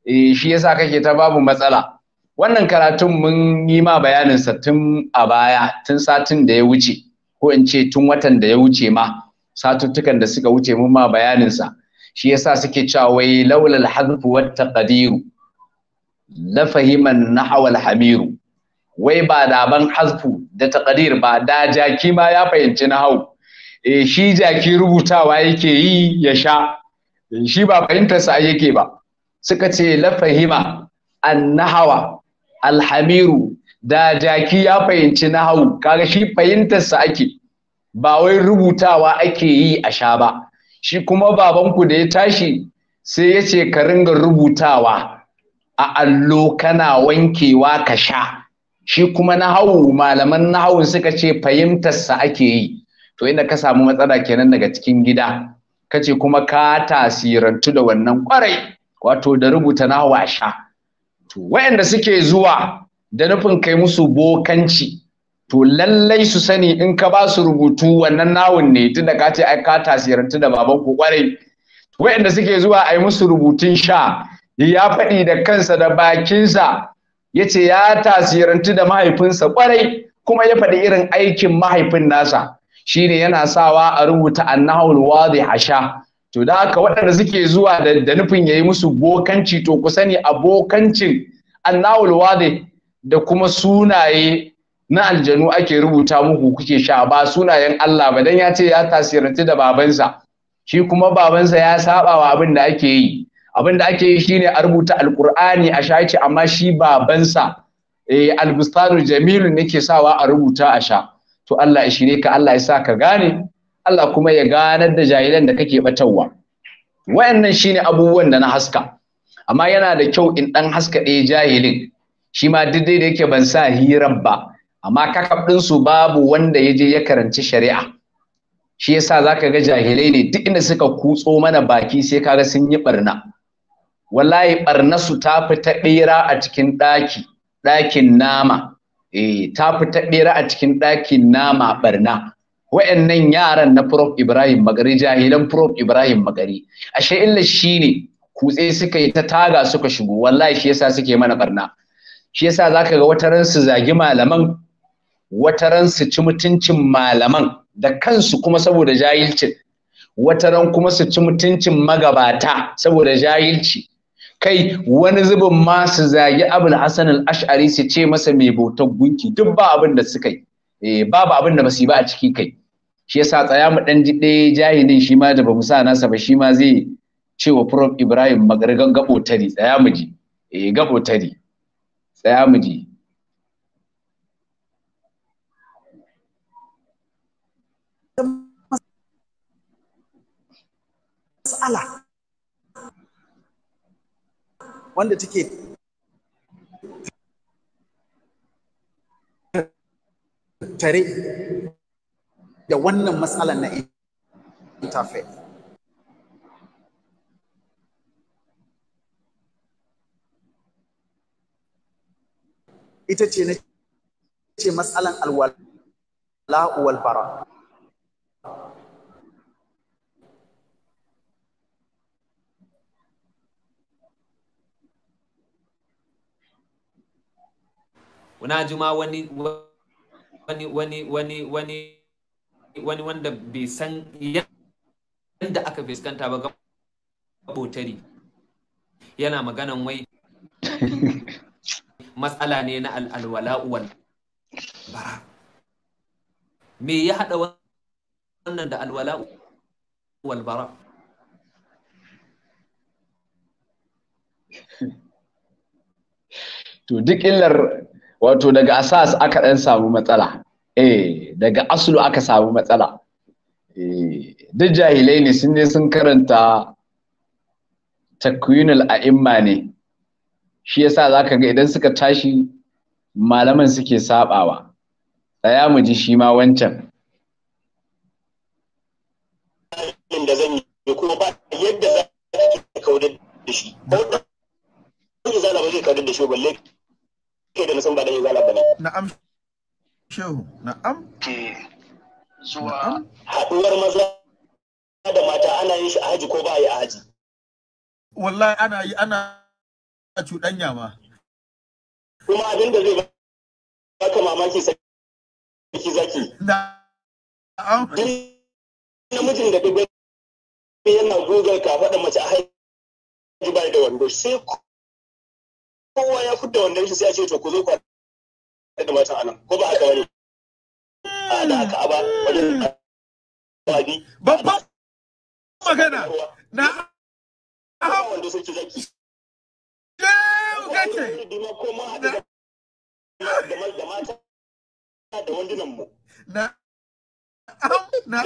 eh shi yasa kake ta bamu matsala wannan karatun mun yi ma bayanin sa tun a baya tun satin da ya wuce ko in ce tun watan da ya wuce ma satuttukan da suka wuce mun ma bayanin sa shi yasa suke cewa wai laulal hadfu wat taqdiru la fahiman nahwal hamiru wai ba daban hasfu da taqdir ba da jaki ma ya fahimci na hau e, shi jaki rubutawa yake yi ya sha eh, shi ba fahimtarsa yake ba suka ce la fahima annahawa alhamiru da jaki ya fahimci na hau kaga shi fahimtarsa ake ba wai rubutawa ake yi a sha ba shi kuma babanku da ya tashi sai yace ka ringa rubutawa a allo kana wankewa ka sha shi kuma nahawu malaman nahawun suka ce fahimtarsa ake yi to inda ka samu matsala kenan daga cikin gida kace kuma ka tasirantu da wannan kwarai wato da rubuta nahawu a sha to wayanda suke zuwa da nufin kai musu bokanci to lallai su sani in ka ba su rubutu wannan nawun ne tunda ka ce ai ka tasirantu da baban ku kwarai wayanda suke zuwa ai musu rubutun sha ya faɗi da kansa da bakinsa ya ce ya tasirantu da mahaifinsa kwarai kuma ya faɗi irin aikin mahaifin nasa shine yana sawa a rubuta annahul wadi sha. to da haka waɗanda suke zuwa da nufin ya yi musu bokanci to ku sani a bokancin annahul wadi da kuma sunaye na aljanu ake rubuta muku kuke sha ba sunayen Allah ba dan ya ce ya tasirantu da babansa shi kuma babansa ya saba wa abin da ake yi abin da ake yi shine a rubuta alkur'ani a sha yake amma shi babansa eh albustanu jamilu nake sawa a rubuta a sha to Allah ya shirye ka Allah ya sa ka gane Allah kuma ya ganar da jahilan da kake batarwa wayannan shine abubuwan da na haska amma yana da kyau in dan haska ɗaya jahilin shi ma daidai da yake ban sa hirar ba amma kakab su babu wanda ya je ya karanci shari'a shi yasa zaka ga jahilai ne duk inda suka kutso mana baki sai kaga sun yi barna wallahi barnasu ta fita bera a cikin daki dakin nama eh ta fita bera a cikin dakin nama barna wa'annan yaran na prof Ibrahim Magari jahilan prof Ibrahim Magari ashe illa shine kutse suka yi ta taga suka shigo wallahi shi yasa suke mana barna shi yasa zaka ga ran su zagi malaman wataran su ci mutuncin malaman da kansu kuma saboda jahilcin wataran kuma su ci mutuncin magabata saboda jahilci kai wani zubin ma su zagi abul hasan al-ash'ari su ce masa mai bautar gunki duk ba abin da suka yi eh, babu abin da basu ba a ciki kai shi yasa tsaya mu dan ji ɗaya jahilin shi ma da bamu sa nasa ba shi ma zai ce wa prof ibrahim magargan gabo tari tsaya mu ji eh gabo tari tsaya mu ji mas'ala wanda take tare da wannan matsalar na interfaith ita ce na ce matsalan alwala wal bara na juma wani wani wani wani wani wani wanda bai san yadda aka fuskanta ba gabotari yana maganan wai matsala ne na al'alwala bara me ya haɗa wannan da alwala bara to duk illar wato daga asas aka ɗan samu matsala eh daga asulu aka samu matsala eh duk jahilai ne sun ne sun karanta takwinul a'imma ne shi yasa zaka ga idan suka tashi malaman suke sabawa tsaya mu ji shi ma wancan da zan yi kuma ba yadda za ka kaudar da shi ba zai kaudar da shi ba balle sun bada yin izala bane na'am shehu na'am ke zuwa haɗuwar maza da mata ana yin shi a haji ko ba yi a haji wallahi ana yi ana cuɗanya ma kuma abin da zai ba ka mamaki sarki zaki na'am namijin da duk yana gugar ka faɗa mace a haji ba da wando sai kowa ya fudda wannan shi sai a ce to ku zo ku da matan anan ko ba haka wani a da aka aba wani babban magana na aha wanda ki zaki yau na ko na haɗu da mata da na mu na na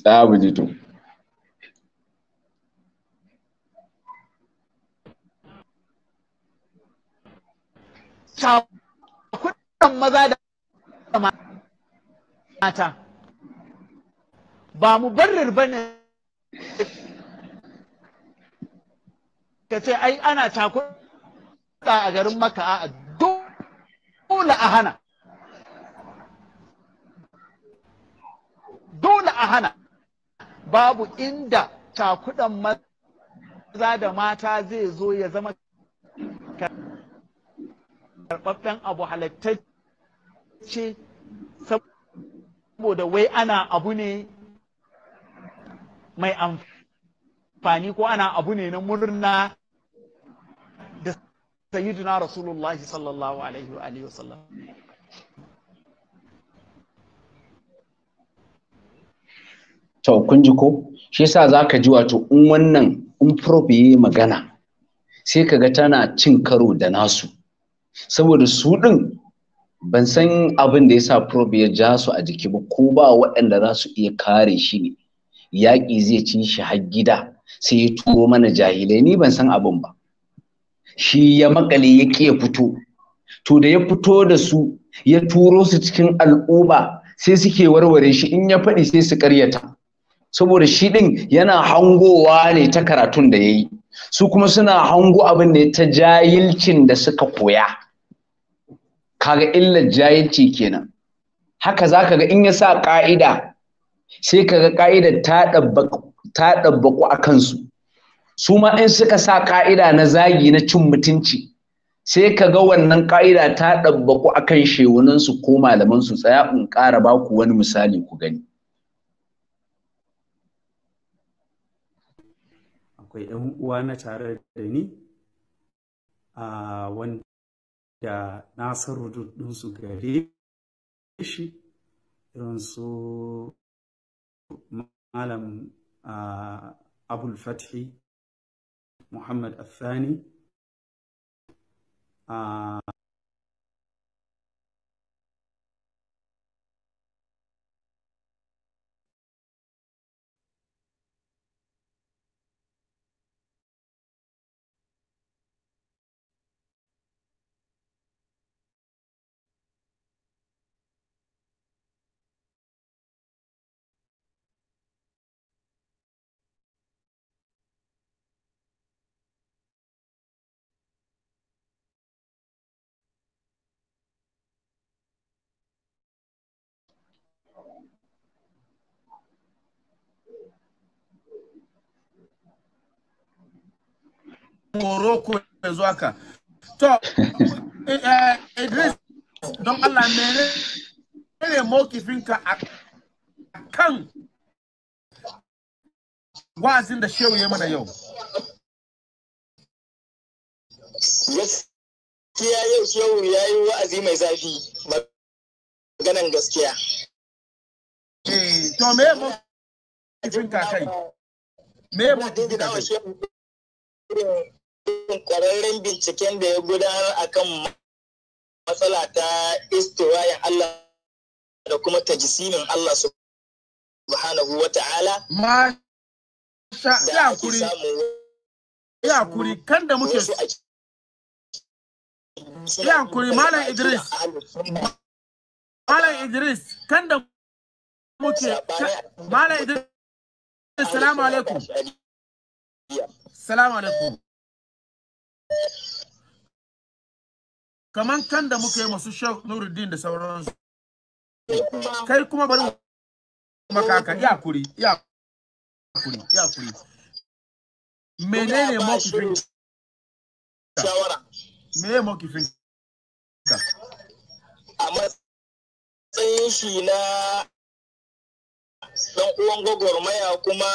Tsabu jitu. cakudan maza da mata ba mu barir ba ne ka ce ai ana cakudan a garin maka a dole a hana dole a hana babu inda cakudan maza da mata zai zo ya zama karɓaɓɓen abu halattacce saboda wai ana abu ne mai amfani ko ana abu ne na murna da sayyiduna rasulullahi sallallahu alaihi wa alihi wasallam to kun ji ko shi yasa zaka ji wato in wannan in yayi magana sai kaga tana cin karo da nasu saboda su ɗin ban san abin da ya sa probe ya ja su a jiki ba ko ba waɗanda za su iya kare shi ne yaƙi zai ci shi har gida sai ya turo mana jahilai ni ban san abin ba shi ya makale ya ya fito to da ya fito da su ya turo su cikin al'uba sai suke warware shi in ya faɗi sai su ƙaryata saboda shi ɗin yana hangowa ne ta karatun da ya yi su kuma suna hango abin ne ta jayilcin da suka koya kaga illar jayilci kenan haka za ka ga in ya sa ƙa'ida sai ka ga ƙa'idar ta ɗabbaku a kansu su ma in suka sa ƙa'ida na zagi na cin mutunci sai ka ga wannan ƙa'ida ta ɗabbaku a kan shewuninsu ko malamansu tsaya in ƙara baku wani misali ku gani akwai ɗan uwa na tare da ni a wanda na san su gare shi irin su malam abul fathi muhammad athani Morocco yanzu haka. To, eh, eh, Idris, don Allah mene ne mokifinka a kan wazin da shehu ya mana yau? Gaskiya yau shehu ya yi wa'azi mai zafi maganan gaskiya. Eh, to, me mokifinka kai? Me mokifinka kai? irin ƙwararren binciken da ya gudanar akan matsala ta istiwayin Allah da kuma ta tajisimin Allah subhanahu wa ta'ala. Ma ya kuri, ya kuri, kan da muke ya kuri, Malam Idris, Malam Idris, kan da muke, Malam Idris, Salamu alaikum. Salamu alaikum. kaman kan da muka yi masu shau nuruddin da sauransu kai kuma bari makaka ya kuri ya kuri ya kuri menene mokifin me mokifin ka a matsayin shi na dan uwan gwagwarmaya kuma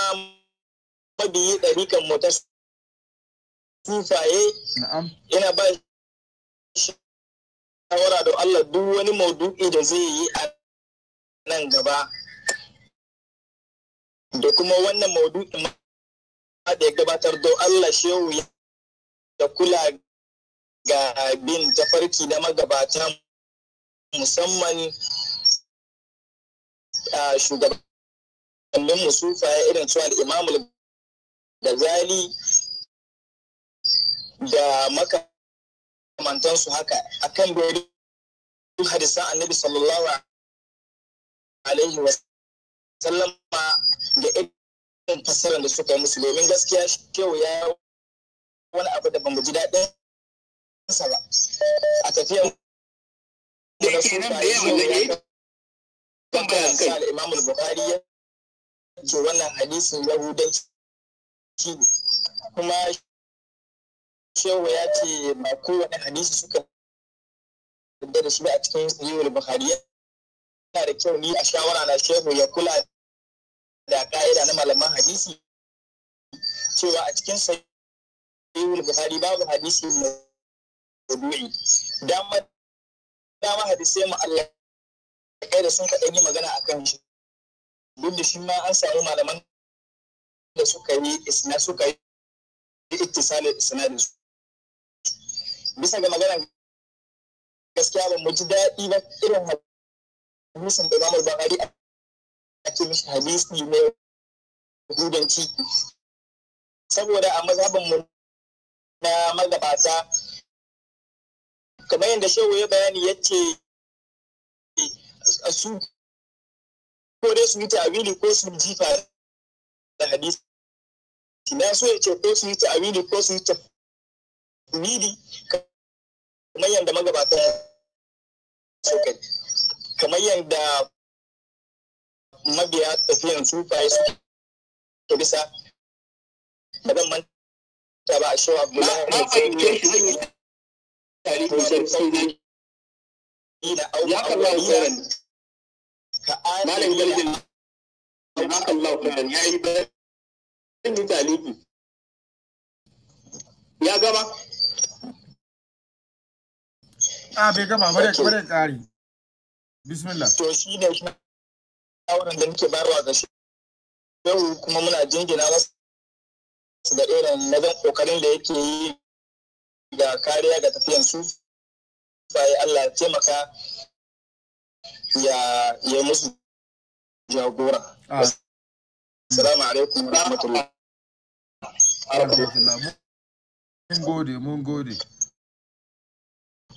mabiyi ɗarikan kan motar sufaye yana ba shi shawara da Allah duk wani maudu'i da zai yi a nan gaba da kuma wannan maudu'i ma da ya gabatar da Allah shehu da kula ga bin tafarki na magabata musamman shugabannin musufa irin su al-imamul zali da makamantansu haka akan bai hadisan annabi sallallahu alaihi wa sallama da irin fassarar da suka yi musu domin gaskiya shehu ya wani abu da bambu ji daɗin sa ba a tafiyar da su da yi shi kan sa al da imamul bukari ya ke wannan hadisin yahudanci kuma shehu ya ce ba kowane hadisi suka da da shi a cikin sahihul bukhari yana da kyau ni a shawara na shehu ya kula da ka'ida na malaman hadisi cewa a cikin sahihul bukhari babu hadisi mawdu'i dama dama hadisai mu Allah kai sun kaɗan yi magana akan shi duk da shi ma an samu malaman da suka yi isna suka yi ittisalin da su bisa ga magana gaskiya ba mu ji daɗi ba irin hadisin da zamu bahari a ce mishi hadisi ne hudanci saboda a mazhabin mu na magabata kamar yadda shehu ya bayani ya ce su ko dai su yi ta'awili ko su jifa da hadisi na so ya ce ko su yi ta'awili ko su yi ta'awili midi kamar yadda magabata suka kamar yadda mabiya tafiyan sufaye su ke bisa da zan manta ba a shi abu na yi tarihi ya wa da ya kalla ya yi talibi ya gaba a ah, bai gama bare bare kari bismillah to shi ne shi kuma shawaran da muke barwa ga shi yau kuma muna jingina masa da irin na zan kokarin da yake yi ga kariya ga tafiyan su sai Allah ya taimaka ya yi musu jagora ah. assalamu alaikum wa rahmatullahi mun gode mun gode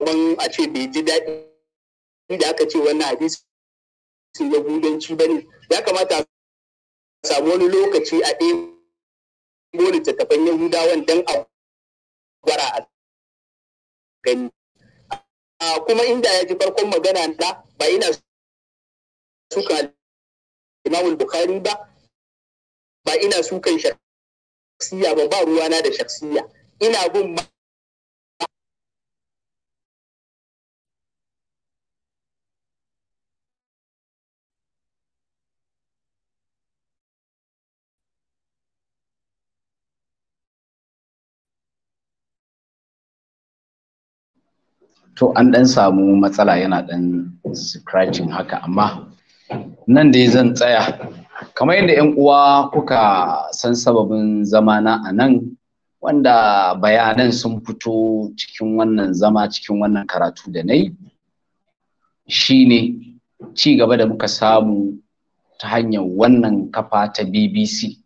kaman a ce bai ji daɗi inda aka ce wannan hadisi ya gudanci ba ne ya kamata a samu wani lokaci a ɗebo littattafan yahudawan don a gwara a gani kuma inda ya ji farkon magana na ba ina suka imamul bukhari ba ba ina sukan shaksiya ba ba ruwana da shaksiya ina bin to an ɗan samu matsala yana ɗan scratching haka amma nan dai zan tsaya kamar yadda 'yan uwa kuka san sababin zamana a nan wanda bayanan sun fito cikin wannan zama cikin wannan karatu da na yi shine ci gaba da muka samu ta hanyar wannan kafa ta bbc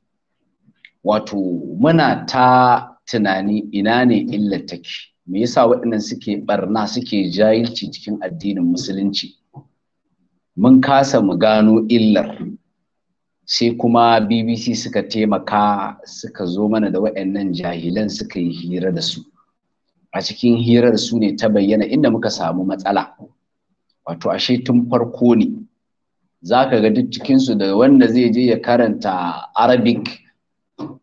wato muna ta tunani ina ne illar take me yasa waɗannan suke barna suke jahilci cikin addinin musulunci mun kasa mu gano illar sai kuma bbc suka taimaka suka zo mana da waɗannan jahilan suka yi hira da su a cikin hirar su ne ta bayyana inda muka samu matsala wato ashe tun farko ne za ka ga duk cikinsu da wanda zai je ya karanta arabic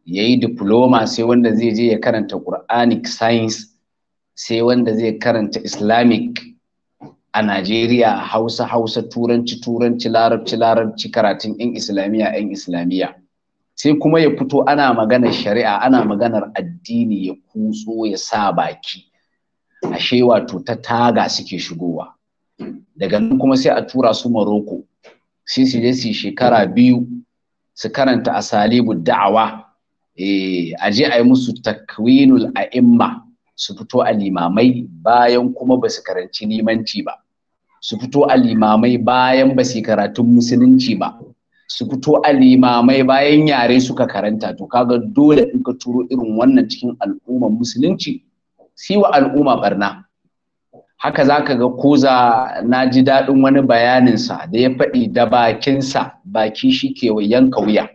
ya yi diploma sai wanda zai je ya karanta quranic science sai wanda zai karanta islamic a najeriya hausa hausa turanci turanci larabci larabci karatun yan islamiyya yan islamiyya sai kuma ya fito ana maganar shari'a ana maganar addini ya kutso ya sa baki ashe wato ta taga suke shigowa daga nan kuma sai a tura su maroko sai su je su shekara biyu su karanta a asalibu da'awa eh aje a yi musu takwinul a'imma su fito a limamai bayan kuma ba su karanci limanci ba su fito a limamai bayan ba su karatun musulunci ba su fito a limamai bayan yare suka karanta to kaga dole in ka turo irin wannan cikin al'ummar musulunci si wa al'umma barna haka za ka ga koza na ji daɗin wani sa da ya faɗi da bakinsa baki shi ke yanka wuya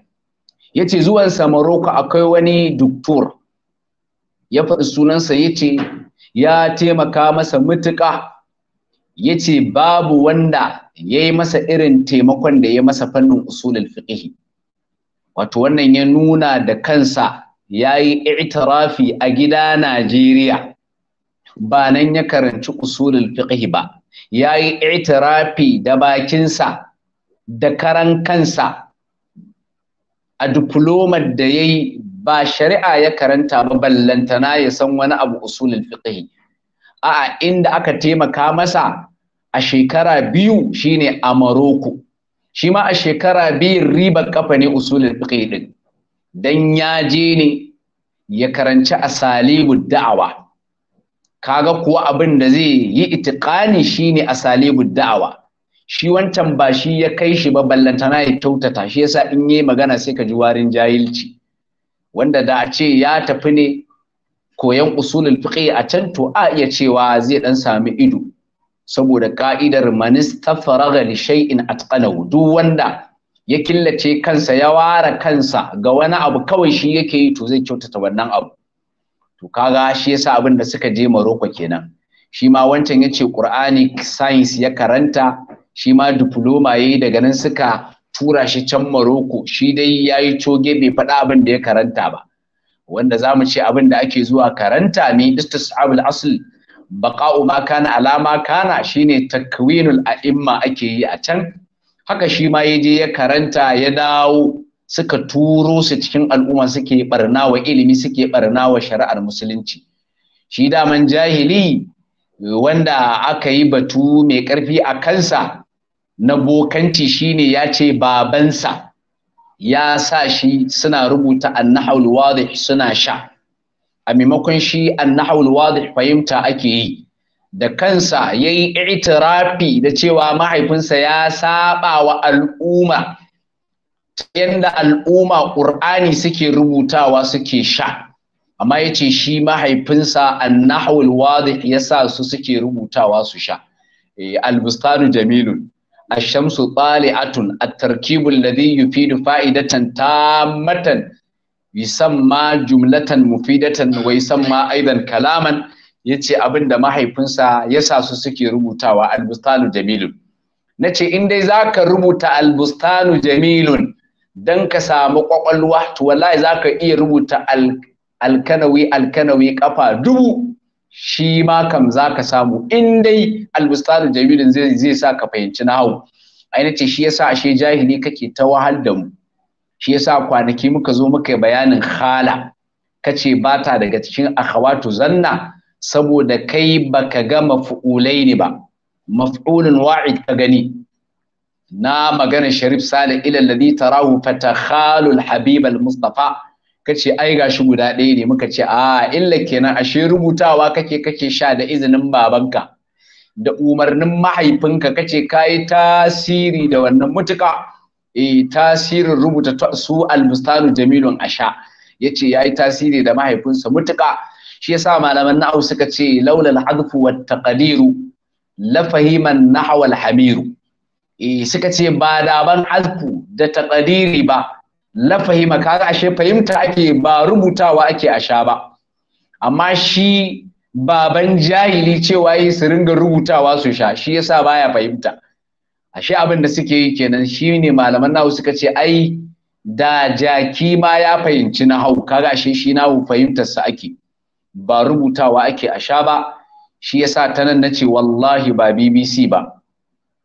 ya ce zuwan samaroko akwai wani duktur ya faɗi sunansa ya ce ya taimaka masa mutuƙa ya ce babu wanda ya yi masa irin taimakon da ya masa fannin usulul fiqhi wato wannan ya nuna da kansa ya yi i'tirafi a gida Najeriya ba nan ya karanci usulul fiqhi ba ya yi i'tirafi da bakinsa da karan kansa a diplomar da ya yi ba shari'a ya karanta ba ballantana ya san wani abu usulul fiqh a'a inda aka taimaka masa a shekara biyu shine a Maroko shi ma a shekara biyu riba kafa ne usulul fiqh din dan ya je ne ya karanci asalibu da'awa kaga kuwa abin da zai yi itiqani shine asalibu da'awa shi wancan ba shi ya kai shi ba ballantana ya kyautata shi yasa in yi magana sai ka ji warin jahilci wanda da a ce ya tafi ne koyan usulul fiqh a can to a iya cewa zai dan sami ido saboda ka'idar manistafaraga li shay'in atqalahu duk wanda ya killace kansa ya ware kansa ga wani abu kawai shi yake yi to zai kyautata wannan abu to kaga shi yasa abin da suka je Morocco kenan shi ma wancan yace qur'ani science ya karanta shi ma diploma yayi daga nan suka tura shi can Maroko shi dai ya yi coge bai faɗa abin da ya karanta ba wanda za mu ce abin da ake zuwa karanta ne istisabul asl baqa'u ma kana alama kana shine takwinul a'imma ake yi a can haka shi ma yaje ya karanta ya dawo suka turo su cikin al'umma suke barna wa ilimi suke barna wa shari'ar musulunci shi daman jahili wanda aka yi batu mai karfi a kansa na bokanci shine ya ce babansa ya sa shi suna rubuta annahawul wadih suna sha a maimakon shi annahawul wadih fahimta ake yi da kansa ya yi itirafi da cewa mahaifinsa ya saba wa al'umma yadda al'umma ƙur'ani suke rubutawa suke sha amma ya ce shi mahaifinsa annahawul wadih ya sa su suke rubutawa su sha eh, albustanu jamilun ashamsu tali'atun at-tarkibu alladhi yufidu fa'idatan tammatan yusamma jumlatan mufidatan wa yusamma kalaman yace abin da mahaifinsa ya sa su suke rubutawa albustanu jamilun ce in dai zaka rubuta albustanu jamilun dan ka samu kwakwalwa to wallahi zaka iya rubuta alkanawi alkanawi kafa dubu shi ma kam za ka samu in dai albustanul jamilin zai zai sa ka fahimci A ai ce shi yasa ashe jahili kake ta wahal da mu shi yasa kwanaki muka zo muka bayanin khala kace ba ta daga cikin akhawatu zanna saboda kai baka ga mafu'ulai ne ba maf'ulun wa'id ka gani na magana sharif sale ila alladhi tarahu fatakhalul Habibal almustafa kace ai gashi guda ɗaya ne muka ce a illa kenan ashe rubutawa kake kake sha da izinin babanka da umarnin mahaifinka kace kayi tasiri da wannan mutuka eh tasirin rubuta su almustanu jamilun asha yace yayi tasiri da mahaifinsa mutuka shi yasa malaman na'u suka ce laula al-hadfu wat taqdiru la fahiman nahwa hamiru eh suka ce ba da ban da taqdiri ba la fahima kaga ashe fahimta ake ba rubutawa ake a sha ba amma shi baban jahili cewa yi su ringa rubutawa su sha shi yasa baya fahimta ashe abin da suke yi kenan shi ne malaman nahu suka ce ai da jaki ma ya fahimci na hau kaga ashe shi nahu fahimtar sa ake ba rubutawa ake a sha ba shi yasa ta nan nace wallahi ba BBC ba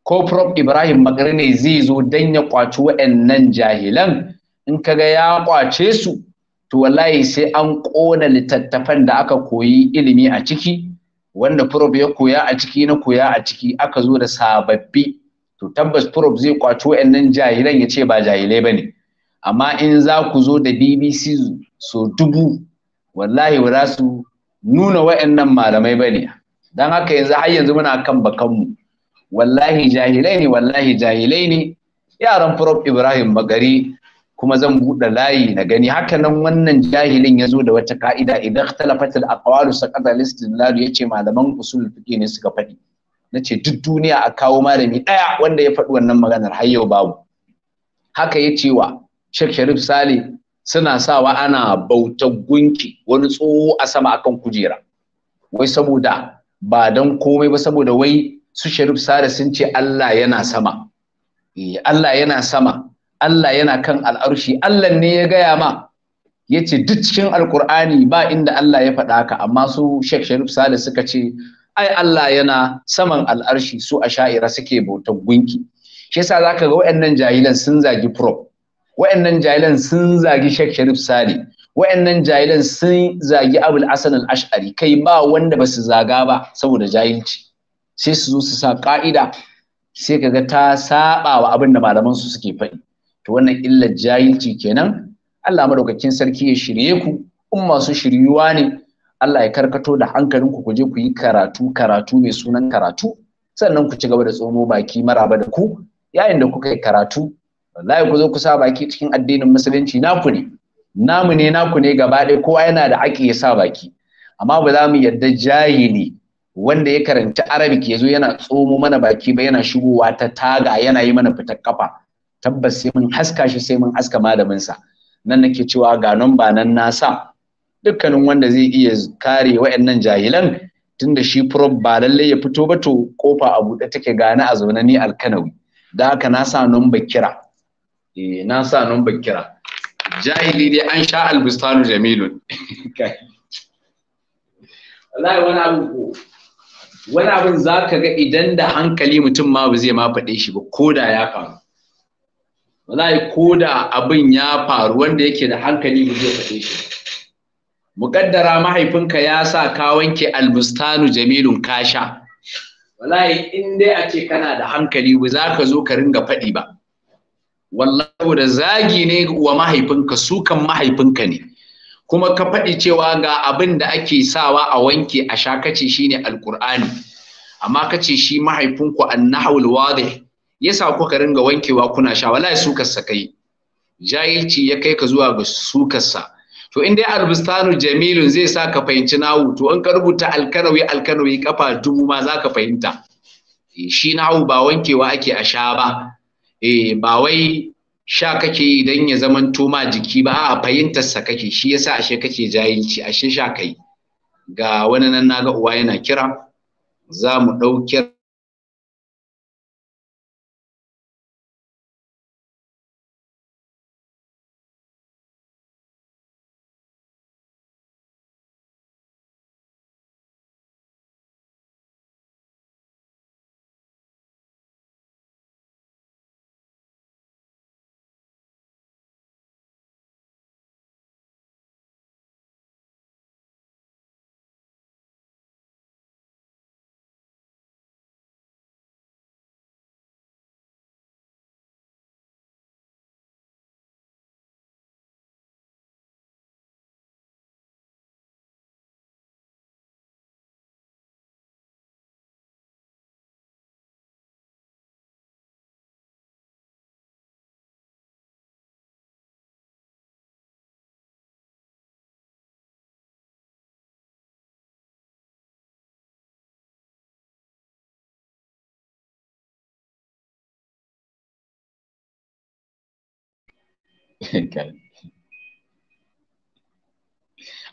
ko Prof Ibrahim Makarne zai zo dan ya kwaci waɗannan jahilan in kaga ya kwace su to wallahi sai an ƙona littattafan da aka koyi ilimi a ciki wanda prof ya koya a ciki na koya a ciki aka zo da sababbi to tabbas prof zai kwaci wa'annan jahilan ya ce ba jahilai bane amma in za ku zo da bbc so dubu wallahi ba za su nuna wa'annan malamai bane don haka yanzu har yanzu muna kan bakanmu wallahi jahilai ne wallahi jahilai ne yaran prof ibrahim bagari kuma zan buɗe layi na gani haka nan wannan jahilin ya zo da wata ka'ida idan talafat al-aqwalu saqata al yace malaman usul fiqh ne suka faɗi nace duk duniya a kawo malami ɗaya wanda ya faɗi wannan maganar har yau babu haka ya wa Sheikh Sharif Sale suna sawa ana bautar gunki wani tsoho a sama akan kujera wai saboda ba dan komai ba saboda wai su Sharif Sale sun ce Allah yana sama eh, Allah yana sama Allah yana kan al'arshi Allah ne ya gaya ma ya ce duk cikin alkur'ani ba inda Allah ya faɗa ka, amma su Sheikh Sharif Sale suka ce ai Allah yana saman al'arshi su a sha'ira suke bautan gunki shi yasa zaka ga wa'annan jahilan sun zagi Prof, wa'annan jahilan sun zagi Sheikh Sharif Sale wa'annan jahilan sun zagi Abul Hasan al-Ash'ari kai ba wanda ba su zaga ba saboda jahilci sai su zo su sa ka'ida sai ga ta saɓa wa abin da malaman su suke faɗi to wannan illar jahilci kenan Allah madaukakin sarki ya shirye ku in masu shiryuwa ne Allah ya karkato da hankalinku ku je ku yi karatu karatu mai sunan karatu sannan ku ci gaba da tsomo baki maraba da ku yayin da kuka yi karatu wallahi ku zo ku sa baki cikin addinin musulunci naku ne namu ne naku ne gaba ɗaya kowa yana da haƙƙi ya sa baki amma ba za mu yarda jahili wanda ya karanci arabic ya zo yana tsomo mana baki ba yana shigowa ta taga yana yi mana fitar kafa tabbas sai mun haska shi sai mun haska malaminsa nan nake cewa ga nan ba nan nasa dukkanin wanda zai iya kare wa'annan jahilan tunda shi prof ba lalle ya fito ba to kofa a buɗe take gane a zaune ni alkanawi da haka na sa numba kira eh na sa numba kira jahili dai an sha albustanu jamilun wallahi wani abu ko wani abin za ka ga idan da hankali mutum ma ba zai ma faɗe shi ba ko da ya faru wallahi ko da abin ya faru wanda yake da hankali ba zai faɗe shi muƙaddara mahaifinka ya sa ka wanke albustanu jamilun kasha wallahi in dai a ce kana da hankali ba za ka zo ka ringa faɗi ba wallahi da zagi ne wa mahaifinka su kan mahaifinka ne kuma ka faɗi cewa ga abin da ake sawa a wanke a sha kace shine alqur'ani amma kace shi mahaifinku annahul wadih yasa kuka ringa wankewa kuna sha wallahi sa kai jahilci ya kai ka zuwa ga sukar sa. to in dai albistanu jamilun zai sa ka fahimci nawu to in ka rubuta alkanawi alkanawi kafa dubu ma za ka fahimta eh, shi nawu ba wankewa ake a sha ba eh ba wai sha kake idan ya zaman toma jiki ba a fahimtar sa kake shi yasa ashe kake jahilci ashe sha kai ga wani nan naga uwa yana kira za mu ɗau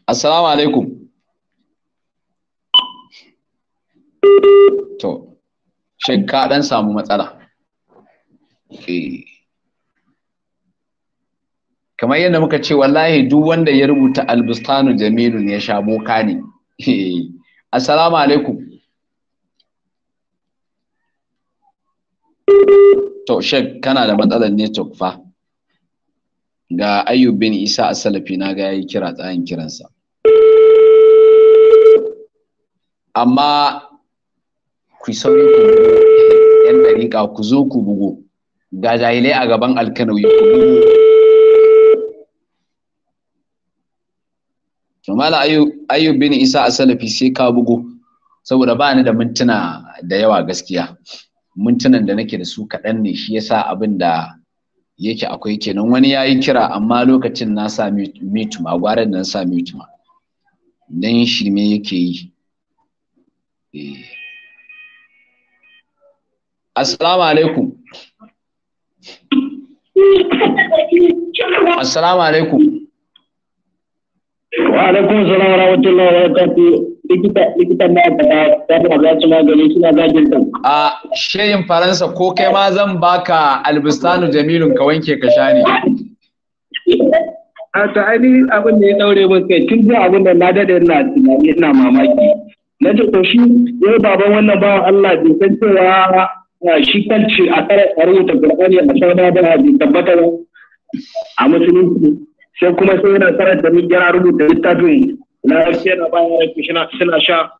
Assalamu alaikum. To, shin ka dan samu matsala? Eh. Kamar yadda muka ce wallahi duk wanda ya rubuta albustanu jamilun ya sha boka ne. Eh. Assalamu alaikum. To, shek kana da matsalar network fa. ga ayyub bin isa a salafi na ga yi kira tsayin kiransa amma ku sauri ku yan dariƙa ku zo ku bugo ga jahilai a gaban alkanawi ku bugo Mala ayyub bin isa a salafi sai ka bugo saboda ba ni da mintuna da yawa gaskiya mintunan da nake da su kaɗan ne shi yasa abin da yake akwai kenan wani ya yi kira amma lokacin na sa mute ma gwaran na sa mute ma dan shi me yake yi eh. assalamu alaikum assalamu alaikum wa alaikum assalam wa rahmatullahi wa barakatuh likitan na faɗa ta za su magani suna zagin A shayin Faransa ko kai ma zan baka albistanu jamilun ka wanke ka sha ne. A ta ainihin abin da ya daure mun kai tun zuwa abin da na daɗe ina tunani ina mamaki. Na ce ko shi 'Yi baban wannan bawan Allah bai san cewa shi kanci a rubuta gurbani a sauna da bai tabbata a musulunci sai kuma sai yana tsara da mu gyara rubuta littafin na sai na ba yaran su suna sha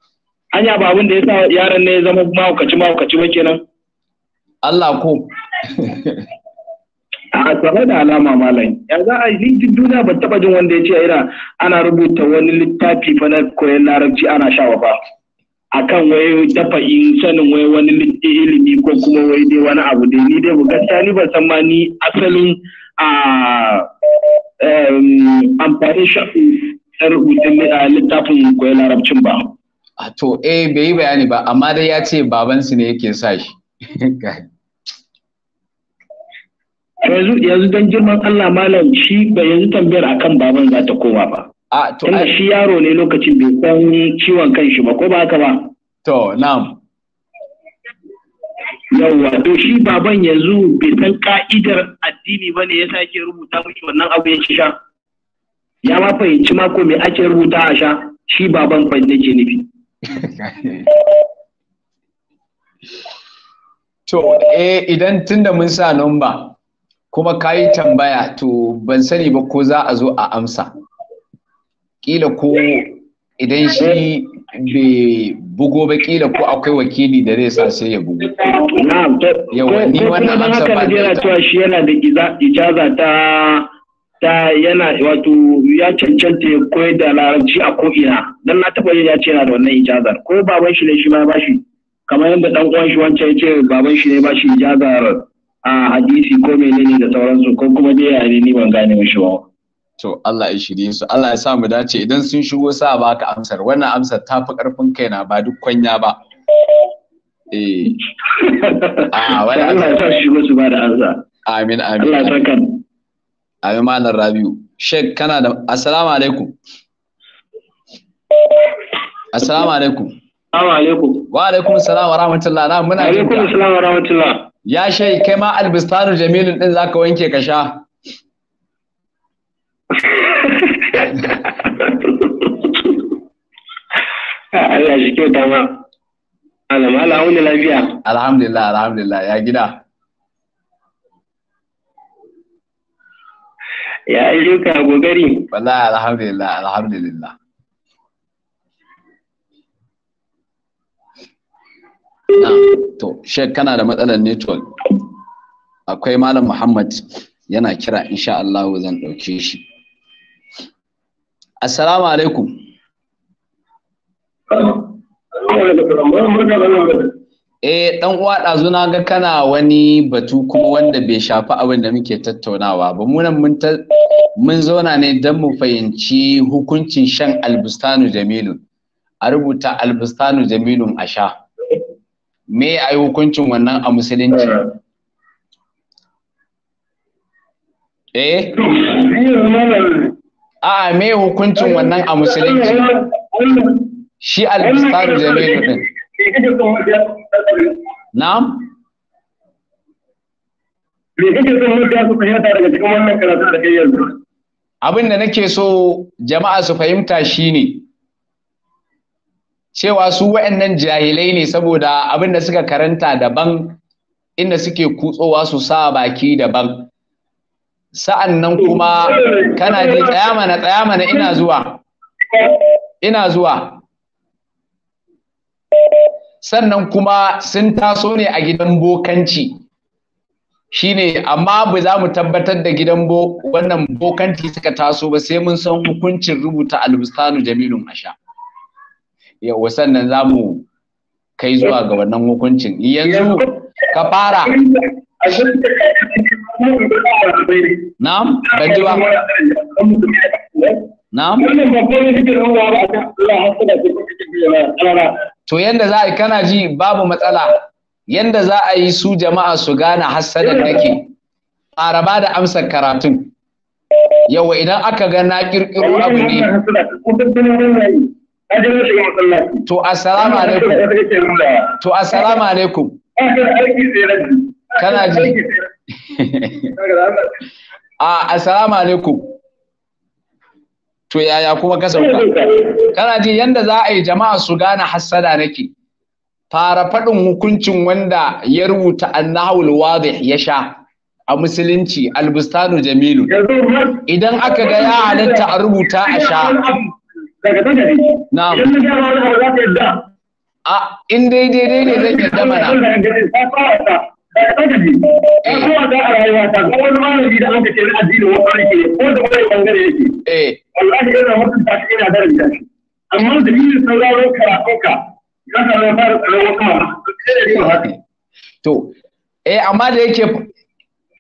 hanya ba abin da ya sa yaran ne ya zama mahaukaci mahaukaci ba kenan Allah ko a tsare da alama malam ya za a yi jin duniya ban taba jin wanda ya ce ira ana rubuta wani littafi fa na koyon larabci ana sha wa ba akan wai dafa in sanin wai wani ilimi ko kuma wai dai wani abu dai ni dai gaskiya ni ban san ma ni asalin a ah, amfani shafi rubutun littafin koyon larabcin ba. To, eh bai yi bayani ba, amma dai ya ce babansu ne yake sa shi. yanzu don girman Allah malam shi ba yanzu tambayar akan baban za ta koma ba. A to a shi yaro ne lokacin bai san ciwon kan shi ba ko ba haka ba. To na'am. Yawwa to shi baban yanzu bai san ka'idar addini ba ne ya sake rubuta miki wannan abu ya sha. ya ma fahimci mako mai ake rubuta a sha shi baban kwan nake nufi to eh idan tunda mun sa number kuma ka yi tambaya to ban sani ba ko za a zo a amsa kila ko idan shi bai bugo ba kila ko akwai wakili da zai sa sai ya bugo yawa ni wannan amsa ba da cewa shi yana da ijaza ta ta yana wato ya cancanta ya koyar da larabci a ko'ina don na taɓa yin ya ce yana da wannan ijazar ko baban shi ne shi ma bashi? kamar yadda ɗan uwan shi wancan ya ce baban shi ne bashi, ijazar a hadisi ko menene da sauransu ko kuma dai a ne ni ban gane mishi ba to Allah ya shirye su Allah ya sa mu dace idan sun shigo sa ba ka amsar wannan amsar ta fi karfin kaina ba duk kwanya ba eh a ah, wani Allah ya sa shigo su ba da amsa amin amin Allah ya saka Amin Malam Rabiu. Sheikh kana da Assalamu alaikum. Assalamu alaikum. Assalamu alaikum. Wa alaikum assalam wa rahmatullah. Na muna jin. Alaikum assalam wa rahmatullah. Ya shai kai ma albistanu jamilin din zaka wanke ka sha. Allah shi kyauta ma. Alam ala Alhamdulillah alhamdulillah ya gida. ya ayyuka gogari wallahi alhamdulillah alhamdulillah na to shek kana da matsalar network akwai malam muhammad yana kira insha Allah zan dauke shi assalamu alaikum Eh dan uwa ɗazu na ga kana wani batu kuma wanda bai shafi abin da muke tattaunawa ba mu nan mun mun zauna ne don mu fahimci hukuncin shan albustanu jamilun a rubuta albustanu jamilun a sha me ya yi hukuncin wannan a musulunci eh a me hukuncin wannan a musulunci shi albustanu jamilun din na'am abin da nake so jama'a su fahimta shine cewa su wa'annan jahilai ne saboda abin da suka karanta daban inda suke kutsowa su sa baki daban sa'an nan kuma kana ji tsaya mana tsaya mana ina zuwa ina zuwa sannan kuma sun taso ne a gidan bokanci shine amma ba za mu tabbatar da gidan bo wannan bokanci suka taso ba sai mun san hukuncin rubuta albustanu jamilun asha yawa sannan za mu kai zuwa ga wannan hukuncin yanzu ka fara na'am ban ji ba na'am to yanda za a yi kana ji babu matsala yanda za a yi su jama'a su gane hassadar nake araba da amsar karatun yawa idan aka ga na kirkiro abu ne to assalamu alaikum to assalamu alaikum kana ji a assalamu alaikum to yaya kuma ka sauka kana ji yanda za a yi jama'a su gane hassada nake fara faɗin hukuncin wanda ya rubuta annahul wadih ya sha a musulunci albustanu jamilu idan aka ga ya halatta a rubuta a sha na'am a in dai daidai ne zan yarda mana ɗaukaki ko kuma da a rayuwa ta ko wani malami da an ka ce addini wani ke ko kuma wani bangare yake eh wallahi ina mutum ta ina daraja shi amma da yin sauraro karatunka za ka zama fara tsaron wata ma to eh amma da yake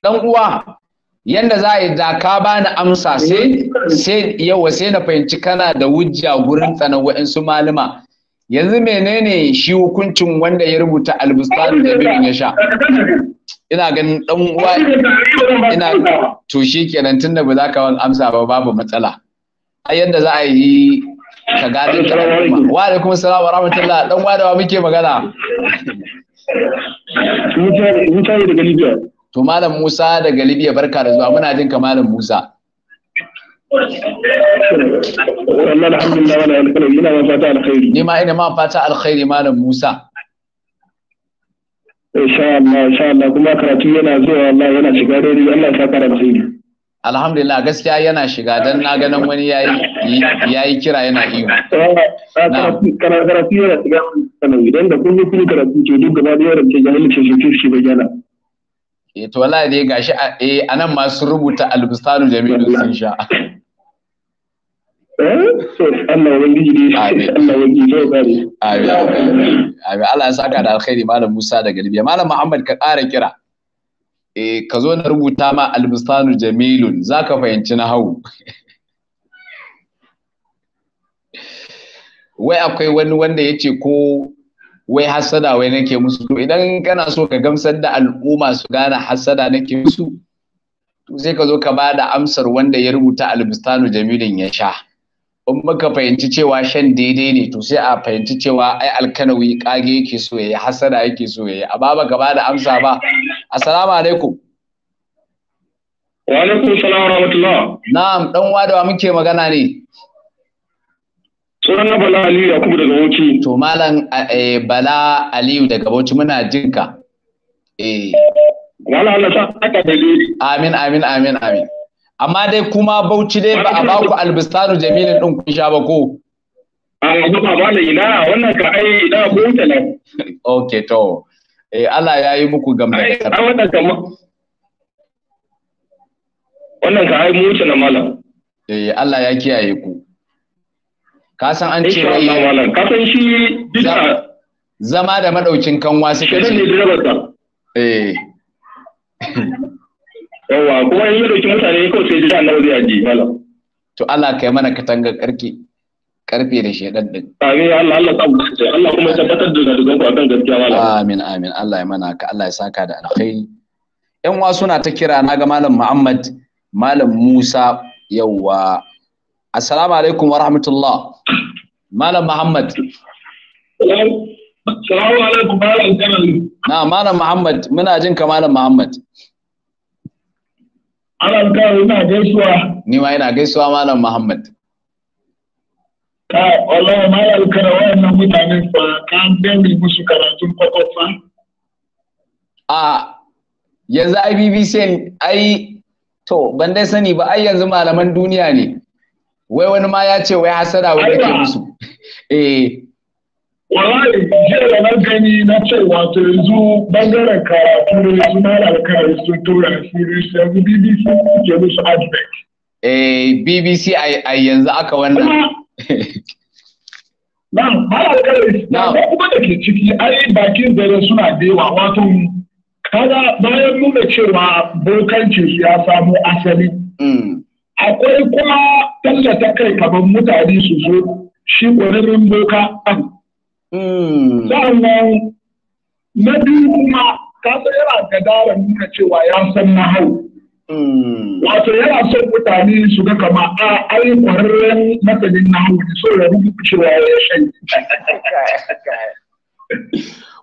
dan uwa yanda za a yi da ka bani amsa sai yawa sai na fahimci kana da wujja gurin tsanan wa'insu maluma. yanzu menene shi hukuncin wanda ya rubuta albustan da birnin ya sha ina ganin dan uwa ina to shi kenan tunda ba za ka wani amsa ba babu matsala a yadda za a yi ka gadin karama wa alaikum salam wa rahmatullah dan uwa da wa muke magana Musa daga Libya to malam Musa daga Libya barka da zuwa muna jin ka malam Musa والله الحمد لله ولا ina ma fata alkhairi ni ma ina fata alkhairi malam Musa insha Allah insha Allah kuma karatu yana zuwa yana shiga dare Allah ya alhamdulillah gaskiya yana shiga dan na ganin wani yayi yayi kira yana iyo eh, eh, karatu yana shiga sanan idan da kun yi kun karatu to duk gaba da yaran ce jahilci shi shi bayyana eh to wallahi dai gashi eh anan ma sun rubuta albustanu Jamilu sun sha Allah Allah ya saka da alkhairi Malam Musa daga Libya. Malam Muhammad ka ƙara kira. Eh ka zo na rubuta ma Albistanu jamilun za ka fahimci na hau. Wai akwai wani wanda ya ce ko wai hassada wai nake musu to idan kana so ka gamsar da al'umma su gane hassada nake musu sai ka zo ka ba da amsar wanda ya rubuta Albistanu jamilun ya sha. in muka fahimci cewa shan daidai ne to sai a fahimci cewa ai alkanawi kage yake so yayi hasada yake so yayi amma baba gaba da amsa ba assalamu alaikum wa alaikum salam wa rahmatullah na'am dan wadawa muke magana ne sunan bala aliyu yakubu daga bauchi to malam eh, bala aliyu daga bauchi muna jinka eh wala Allah sa aka daidai amin amin amin amin amma dai kuma bauchi dai ba a ba ku albistanu jamilin din kun sha ba ko a ba ba la ila wannan ka ai ina ko tana nan okay to eh Allah ya yi muku gamba ai wannan ka wannan ka ai muce wuce na malam eh Allah ya kiyaye ku ka san an ce wai ka san shi dinka zama da madaukin kanwa suka ce eh yawa kuma in da dauki mutane kawai sai na annabi zai aji malam to Allah kai mana katanga karki karfe da shedan din amin Allah Allah Allah kuma tabbatar da dugan ku kan gaskiya malam amin amin Allah ya mana ka Allah ya saka da alkhairi yan wa suna ta kira na ga malam Muhammad malam Musa yawa assalamu alaikum wa rahmatullah malam Muhammad Assalamu alaikum malam Kanal. Na malam Muhammad muna jin ka malam Muhammad. Alan kawo ina gaisuwa. Ni ma ina gaisuwa Malam Muhammad. Ka wallahi Malam kara wannan mutanen fa ka dangi musu karatun kwakwafa. A yanzu IBBC ai to ban dai sani ba ai yanzu malaman duniya ne. Wai wani ma ya ce wai hasada wani ke musu. Eh wallahi jiya na gani na cewa wato yanzu bangaren karatu ne yanzu na alkara su tura series yanzu bbc ke musu advert eh bbc a yanzu aka wannan na malakar na kuma da ke ciki ai bakin zare suna da yawa wato kaga bayan nuna cewa bokanci ya samu asali mm. akwai kuma tallata kai kamar mutane su zo shi ƙwararren boka Hmm. Sa'annan na biyu kuma kasa yana gadara nuna cewa ya san na hau. Hmm. Wato yana son mutane su ga kama a ai kwararren masanin na hau ne so ya rubuta cewa ya shan.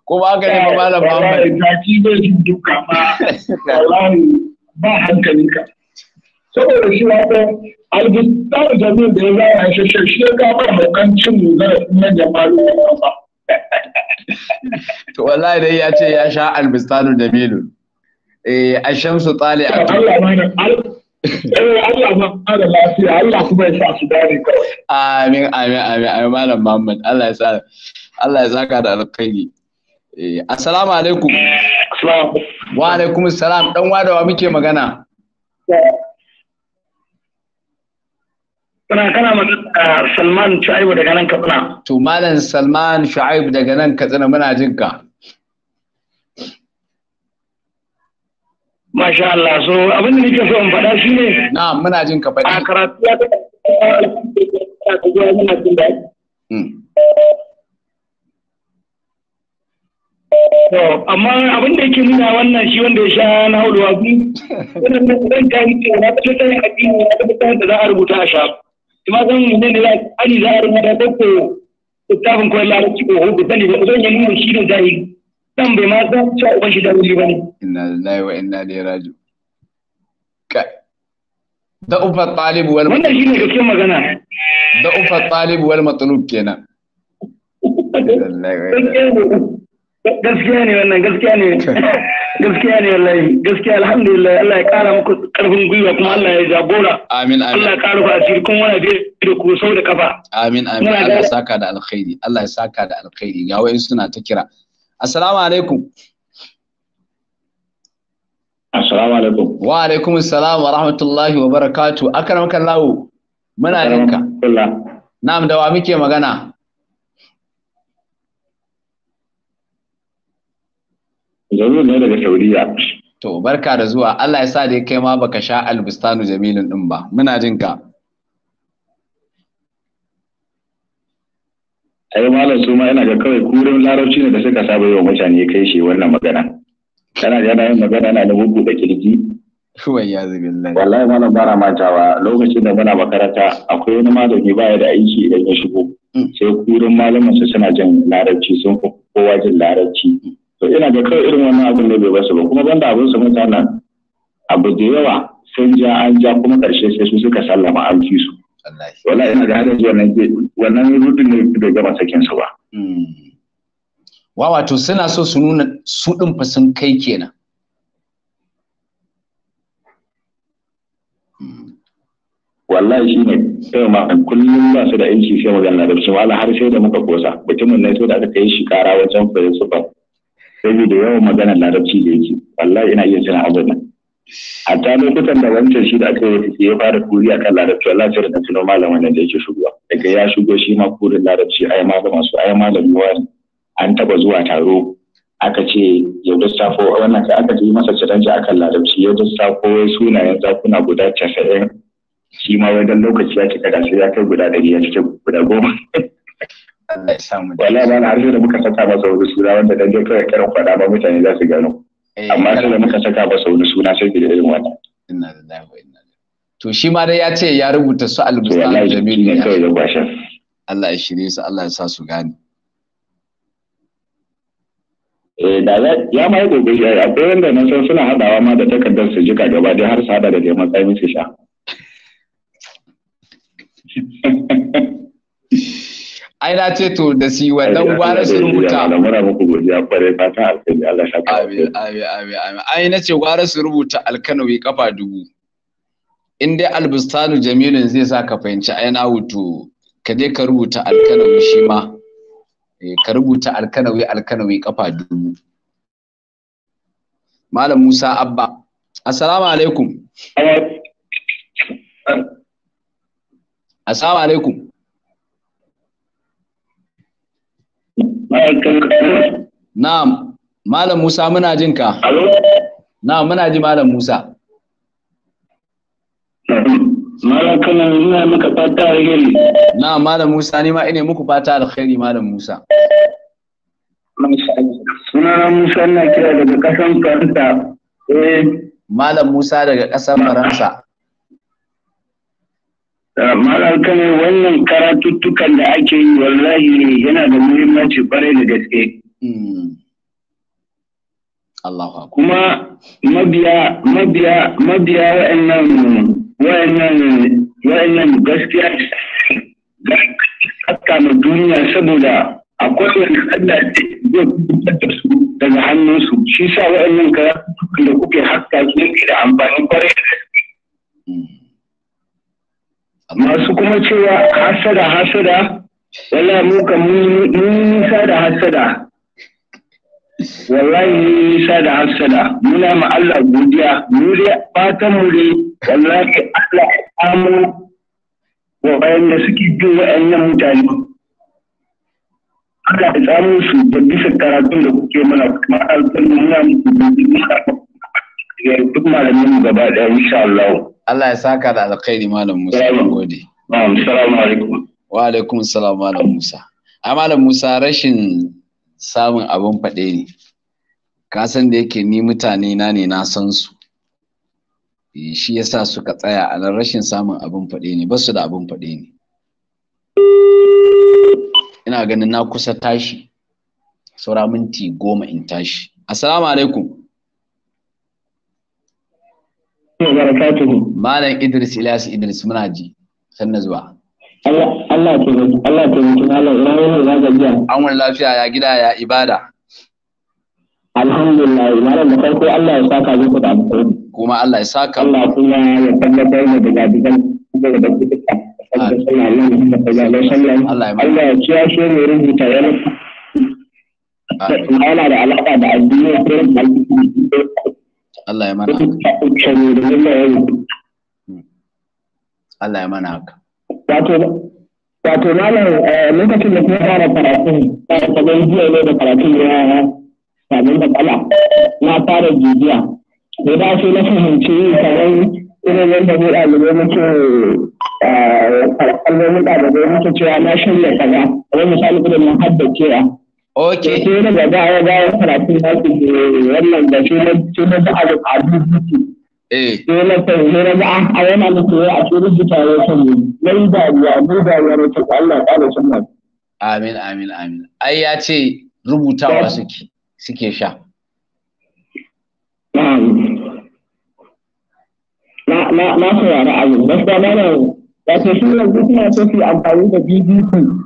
Kuma haka ne ba malam Muhammad. Taki zai ji duka ma wallahi ba hankalinka. Saboda shi wato algistar jami'in da ya zara shi shi shi ya gamar haukan cin zarafin manyan malumin ba. to wallahi dai ya ce ya sha albistanu jamilu eh a shamsu tsali a eh, Allah ma da lafiya Allah kuma ya sa su dare kawai amin amin amin amin malam Muhammad Allah ya sa Allah ya saka da alkhairi eh assalamu alaikum wa alaikum salam dan wadawa muke magana Kana kana magana ah, Salman Shu'aibu daga nan Katsina. To Malam Salman Shu'aibu daga nan Katsina muna jin ka. Masha Allah so abin da nake so in faɗa shi ne. Na muna jin ka faɗi. A karatu ya ta muna jin da To amma abin da yake nuna wannan shi wanda ya sha na hauluwa bi. Wannan nan zan ga mutum na ta tsayin addini na ta da za a rubuta a shafi. tumasan ne ne ali zahar ma da ko littafin kawai ko hudu sani ba zan yi shi da zahiri dan bai ma san cewa uban shi da ba ne inna lillahi wa inna ilaihi raji'un da ufa talib wal wannan shi ne gaskiyar magana da ufa talib wal matlub kenan gaskiya ne wannan gaskiya ne gaskiya ne wallahi gaskiya alhamdulillah Allah ya kara muku karfin gwiwa kuma Allah ya jagora amin amin Allah ya kara ku asiri kuma wani da da ku sau da kafa amin amin Allah ya saka da alkhairi Allah ya saka da alkhairi ga wayan suna ta kira assalamu alaikum assalamu alaikum wa alaikum assalam wa rahmatullahi wa barakatuh akramaka Allah muna ninka na'am da wa muke magana Jamilu ne daga sauriya To barka da zuwa Allah ya sa dai kai ma baka sha albistanu jamilun din ba muna jin ka. Ai malam su ma ga kawai kurin larabci ne da suka saba wa mutane kai shi wannan magana. Kana da yin magana na da bugu da kirji. ya zubi Allah. Wallahi malam bara matawa, lokacin da muna makaranta akwai wani malami ba ya da aiki idan ya shigo. Mm. Sai kurin malamin su suna jin larabci sun fi kowa jin larabci. to ina ga kai irin wannan abin da bai basu ba kuma banda abin su mutanen abu da yawa sun ja an ja kuma karshe sai su suka sallama an fi su wallahi ina ga hadin wannan wannan rudin ne bai gama sakin su ba hmm. wa wato suna so su nuna su din fa sun kai kenan hmm. wallahi shi ne sai eh, ma kullum ba su da aiki sai magana da su wala har sai da muka kosa mutumin ne sai da aka kai shi kara wajen fa su ba saboda yawan maganar larabci da yake wallahi ina iya jira abin nan ta lokutan da wancan shi da aka yi ya fara kuri akan larabci wallahi sai da tuno malamin nan da yake shugowa daga ya shigo shi ma kurin larabci ai malama su ai malami wani an taba zuwa taro aka ce da safo wannan ka aka yi masa challenge akan larabci da safo wai sunayen zakuna guda 90 shi ma wai dan lokaci ya cika gashi ya kai guda ɗari ya cika guda goma Allah ya samu da wala ba na da muka saka ba sau wani suna wanda dan dai kawai karin kwada ba mutane za su gano eh, amma sai da muka saka ba sau wani suna sai da irin wannan inna lillahi wa inna to shi ma dai ya ce ya rubuta su al-bustan jamil ne ya gwashe Allah ya shirye su Allah ya sa su gane eh, da ya ma yi gobe ya akwai wanda na san suna hadawa ma da takardar su jika gaba dai har su hada da dai matsayin su sha ai na ce to da si dan gwara shi rubuta muna muku godiya ba ta alƙali Allah shaka amin amin amin amin ai na ce gwara su rubuta alkanawi kafa dubu in dai albustanu jamilun zai sa ka fahimci ai na wuto ka je ka rubuta alkano shi ma eh, ka rubuta alkano alkanawi kafa dubu malam Musa Abba assalamu alaikum assalamu alaikum Na'am, Malam Musa muna jin ka. Na'am, muna ji Malam Musa. Malam kana ina maka fata alheri. Na'am, Malam Musa ni ma ina muku fata alheri Malam Musa. na Musa na kira daga ƙasar Faransa. Eh. Malam Musa daga ƙasar Faransa. Eh, Malar kamar wannan karatuttukan da ake yi wallahi yana da muhimmanci kwarai da gaske. Hmm. Kuma mabiya mabiya mabiya wa'annan wa'annan gaskiya ga haka na duniya saboda akwai wani Allah zai kubutar da su daga hannunsu shi sa wa'annan karatuttukan da kuke haska su da amfani kwarai da gaske. Hmm. masu kuma cewa hasada hasada wala mu kan mun nisa da hasada wallahi mun nisa da hasada muna ma Allah godiya mu dai fatan mu dai wallahi Allah ya samu wa'anda suke bin wa'annan mutane Allah ya samu su da bisa karatun da kuke mana kuma alƙalin muna mu muku duk malamin gaba ɗaya insha Allah. Allah ya saka da alkhairi malam Musa gode. Assalamu alaikum. Wa alaikum salam malam Musa. A malam Musa rashin samun abin faɗe ne. Ka san da yake ni mutane na ne na san su. E, shi yasa suka tsaya a nan rashin samun abin faɗe ne, ba su da abin faɗe ne. Ina ganin na kusa tashi. Saura minti goma in tashi. Assalamu alaikum. Malam Idris Ilyas Idris muna ji sannan zuwa. Allah ke Allah ke malam ina yau za ka biya. An wani lafiya ya gida ya ibada. Alhamdulillah malam da farko Allah ya saka muku da alkhairi. Kuma Allah ya saka. Allah kuma ya tabbatar mu da gadigan da kuka. Allah ya kiyashe mu rubuta yana. Yana da alaƙa da addini a cikin Allah ya mana haka. Hmm. Allah ya mana haka wato wato malam eh, lokacin da kuma fara karatu fara sabon jiya ne da karatun ya samun matsala na fara jijiya Ne ba shi na fahimci kamar irin yadda mu ɗalibai muke kalmomin eh, ɗalibai muke cewa na shirya kaza wani misali irin na ya. Ok. Sai na gaba ga ya karatu na ke wannan da shi shi na da abu kadu Eh. Sai na ta sai na ga ah, a yana da koyo a cikin rubuta ya san mu. Lai da ya mu da ya ne ta Allah da sunna. Amin amin amin. Ai ya ce rubutawa suke suke sha. Na na na abin. Gaskiya na na wato shi ne suna so amfani da BBC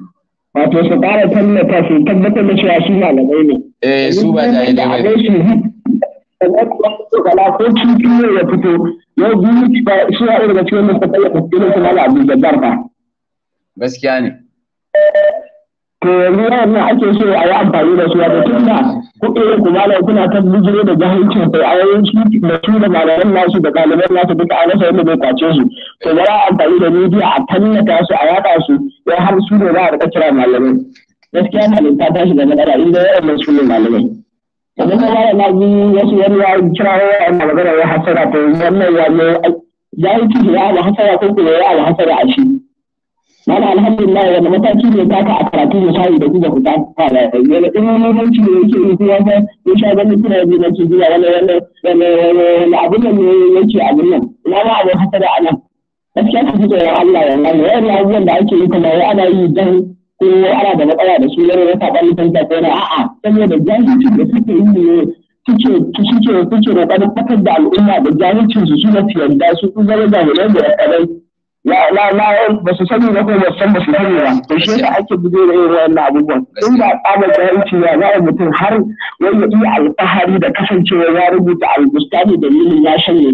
wato su ƙara tallata su tabbatar da cewa su malamai ne. Eh su ba jahilai ba. Abin su yi kala ko cutu ne ya fito yau zunubi ba su ya daga cikin mutum tallata su irin su malam Abdul Jabbar ba. Gaskiya ne. to yanzu wannan ake so a yi amfani da su wato tun da kuɗi ku malam kuna ta bijiro da jahilcin sai a yayin shi da su da malaman nasu da ɗaliban nasu duka a rasa yadda zai kwace su to za a amfani da midiya a tallata su a yaɗa su ya har su ne za a rika kira malamai gaskiya na ne ta shiga matsala inda waɗannan su ne malamai yanzu kuma malam na ji wasu wani ya kira wa magana ya hasara to wannan ya ne jahilci ya hasara ko kuma ya hasara a shi mana alhamdulillah wanda mataki ne ta ka a karatu da shayi da kuma ku ta fara yana in ne yake yi kuma ba ya sha kuna yi na ci zuwa wani wani wani wani abin nan ne yake abin nan ina ma abin a nan gaskiya ka fito wa Allah wallahi wani abubuwan da ake yi kuma wai ana yi dan ko ana da matsala da su yana rasa ban mutunta ko a'a saboda jahilci da suke yi ne suke suke suke roƙarin fatar da al'umma da jahilcin su su na yarda su kun zama jami'an da ya ya na na ba su sani ba ko ba san ba su sani ba to shi yasa ake bugo da irin wannan abubuwan in ba tsaba jahilci ya za mutum har wanda iya alfahari da kasancewa ya rubuta albustani dalilin ya shanye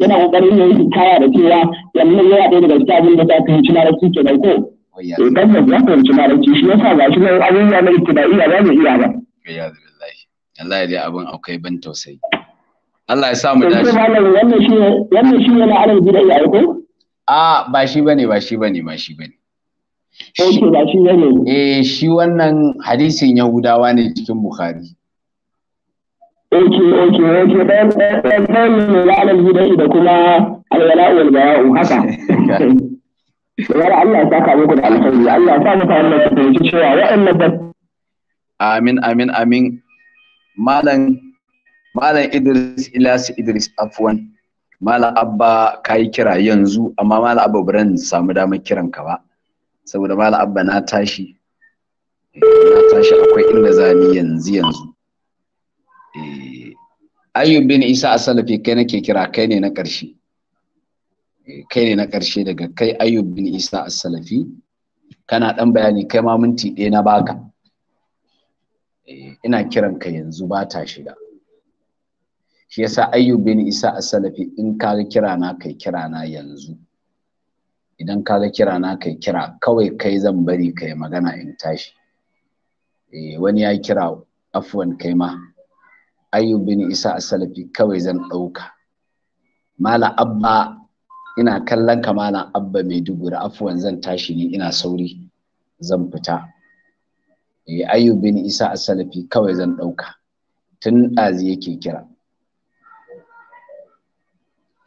yana kokarin yi kaya da cewa yanzu yana ɗaya daga cikin abin da ta fahimci larabci ke da ko idan da eh, za fahimci larabci shi yasa ga shi nan abubuwa na ibtida'iyya ba mu iya ba Allah ya ji abin akwai ban tausayi Allah ya sa mu dace wannan shi ne na alal ya ko a ba shi bane ba shi bane ba shi bane shi ba bane eh shi wannan hadisin yahudawa ne cikin bukhari Oke, oke, oke, ɗan ɗan la'anar gidai da kuma alwala wal baya'u haka. Wani Allah ya saka muku da alkhairi, Allah ya sa muku wannan su fahimci cewa waɗannan da. Amin, amin, amin. Malam Malam Idris Ilyas Idris Afwan. Mala Abba ka kira yanzu amma mala Abba bari samu damar kiran ka ba saboda mala Abba na tashi eh, na tashi akwai inda za ni yanzu yanzu eh, Ayyub bin Isa Asalafi kai nake kira kai ne na ƙarshe eh, kai ne na ƙarshe daga kai Ayyub bin Isa Asalafi kana ɗan bayani kai ma minti ɗaya na baka ina kiran ka yanzu ba ta shiga shi yasa ayyub bin isa as-salafi in ka ga kira na kai kira na yanzu idan ka ga kira na kai kira kawai kai zan bari kai magana in tashi eh wani ya kira afwan kai ma ayyub bin isa as-salafi kawai zan dauka mala abba ina kallon ka malam abba mai dubura afwan zan tashi ne ina sauri zan fita eh ayyub bin isa as-salafi kawai zan dauka tun ɗazi yake kira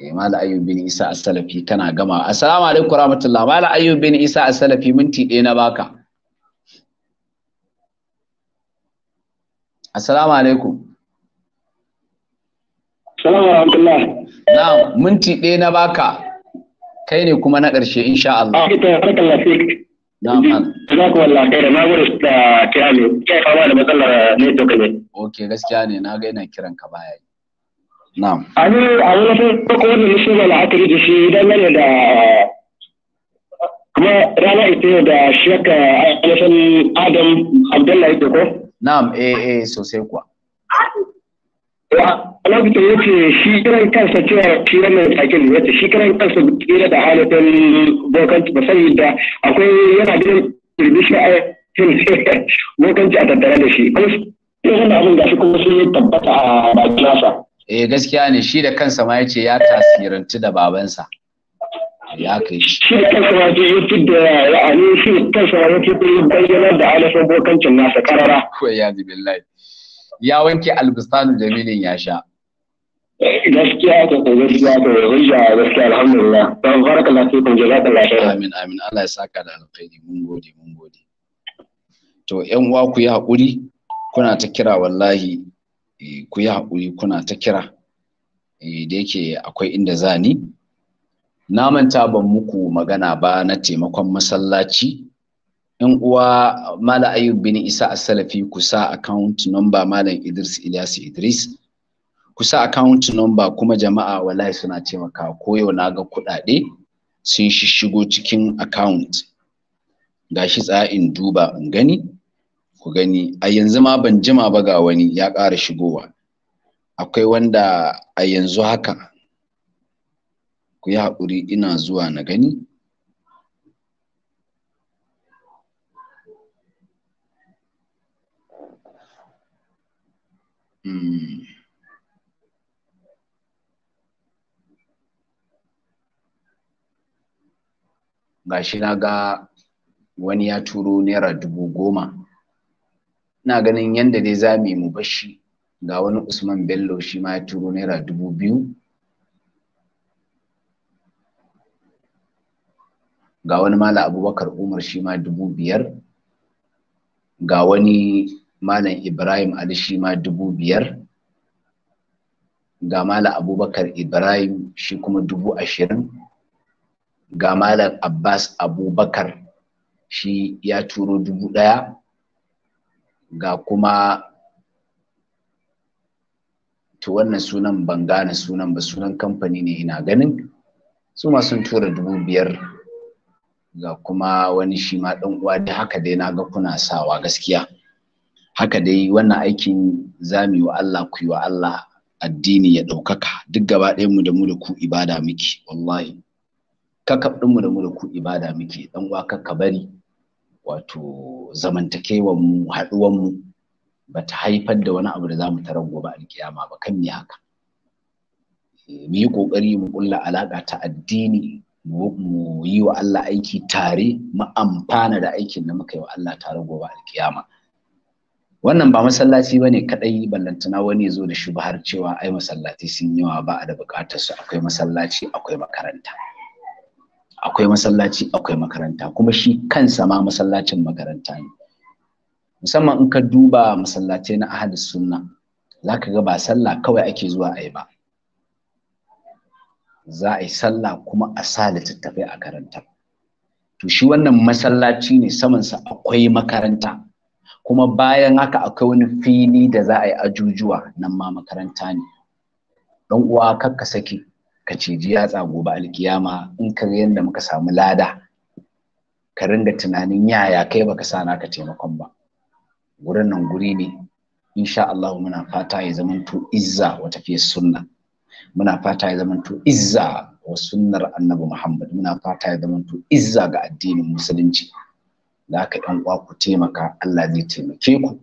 Eh, Mala Ayub bin Isa Asalafi tana gama. Assalamu alaikum warahmatullahi Mala Ayub bin Isa Asalafi minti ɗaya na baka. Assalamu alaikum. Assalamu alaikum. Na minti ɗaya na baka. Kai ne kuma na ƙarshe insha Allah. A kuma ta harkar lafi. Na mana. Ina kuma lafiya da na gudu da kira ne. Kai kawo da matsalar ne to kai ne. Ok gaskiya ne na ga yana kiran ka baya yi. Na'am. Ani a wani farko wanda ya shiga la'akari da shi idan dangane da kuma rana ita da shaka ainihin Adam Abdullahi ke ko? Na'am eh eh sosai kuwa. Ana fito ya ce shi kiran kansa cewa shi wannan tsakin ya ce shi kiran kansa kira da halittar bokanci ba sai da akwai yana da irin kirbishi a bokanci a tattare da shi. Kuma sun abin da shi kuma sun tabbata a bakin nasa. eh gaskiya ne shi da kansa ma yace ya tasirantu da babansa ya kai shi da kansa ma yace yafi da ra'ani shi da kansa ma yace bai bayyana da alafin bokancin nasa karara ko ya ji billahi ya wanke albustanu jamilin ya sha gaskiya ta ko gaskiya ta hujja gaskiya alhamdulillah dan kun jaza jazakallahu khairan amin amin Allah ya saka da alkhairi mun gode mun gode to yan uwa ku yi hakuri kuna ta kira wallahi Eh, ku yi haƙuri kuna ta kira eh, da yake akwai inda za ni na manta ban muku magana ba na taimakon masallaci in uwa mala ayub bin isa asalafi ku sa account number malam idris ilyas idris ku sa account number kuma jama'a wallahi suna taimaka ko yau na ga kuɗaɗe sun shishigo cikin account gashi tsaya in duba in gani ku gani a yanzu ma ban jima ba ga wani ya ƙara shigowa akwai wanda a yanzu haka ku yi haƙuri ina zuwa na gani hmm. Gashi na ga wani ya turo naira dubu goma ina ganin yanda dai za mu yi mu bashi ga wani usman bello shi ma ya turo naira dubu biyu ga wani malam abubakar umar shi ma dubu biyar ga wani malam ibrahim ali shi ma dubu biyar ga malam abubakar ibrahim shi kuma dubu ashirin ga malam abbas abubakar shi ya turo dubu ɗaya ga kuma to wannan sunan ban gane sunan ba sunan kamfani ne ina ganin su ma sun tura dubu biyar ga kuma wani shi ma ɗan uwa dai haka dai na ga kuna sawa gaskiya haka dai wannan aikin zami wa Allah ku yi wa Allah addini ya ɗaukaka duk gaba ɗayan mu da mu da ku ibada muke wallahi kakab ɗinmu da mu da ku ibada muke ɗan uwa kakka bari wato zamantakewar mu haɗuwar mu bata haifar da wani abu da za mu tarar gobe alkiyama ba kan haka eh, mu yi kokari mu ƙulla alaƙa ta addini mu yi wa Allah aiki tare mu amfana da aikin da muka yi wa Allah tare gobe alkiyama wannan ba masallaci ba bane kadai ballantana wani zo da shi, ba har cewa ai masallaci sun yawa ba a da bukatar su akwai masallaci akwai makaranta akwai masallaci akwai makaranta kuma shi kansa ma masallacin makaranta ne musamman in ka duba masallatai na ahad sunna za ka ga ba sallah kawai ake zuwa a yi ba za a yi sallah kuma a sa littattafai a karanta to shi wannan masallaci ne saman samansa akwai makaranta kuma bayan haka akwai wani fili da za a yi ajujuwa nan ma makaranta ne don uwa kakka sake ka ciji yatsa gobe alkiyama in ka ga yadda muka samu lada ka ringa tunanin yaya kai baka sa naka taimakon ba gurin nan guri ne insha Allah muna fata ya to izza wa tafiyar sunna muna fata ya to izza wa sunnar annabi Muhammad muna fata ya zamanto izza ga addinin musulunci da haka uwa ku taimaka Allah zai taimake ku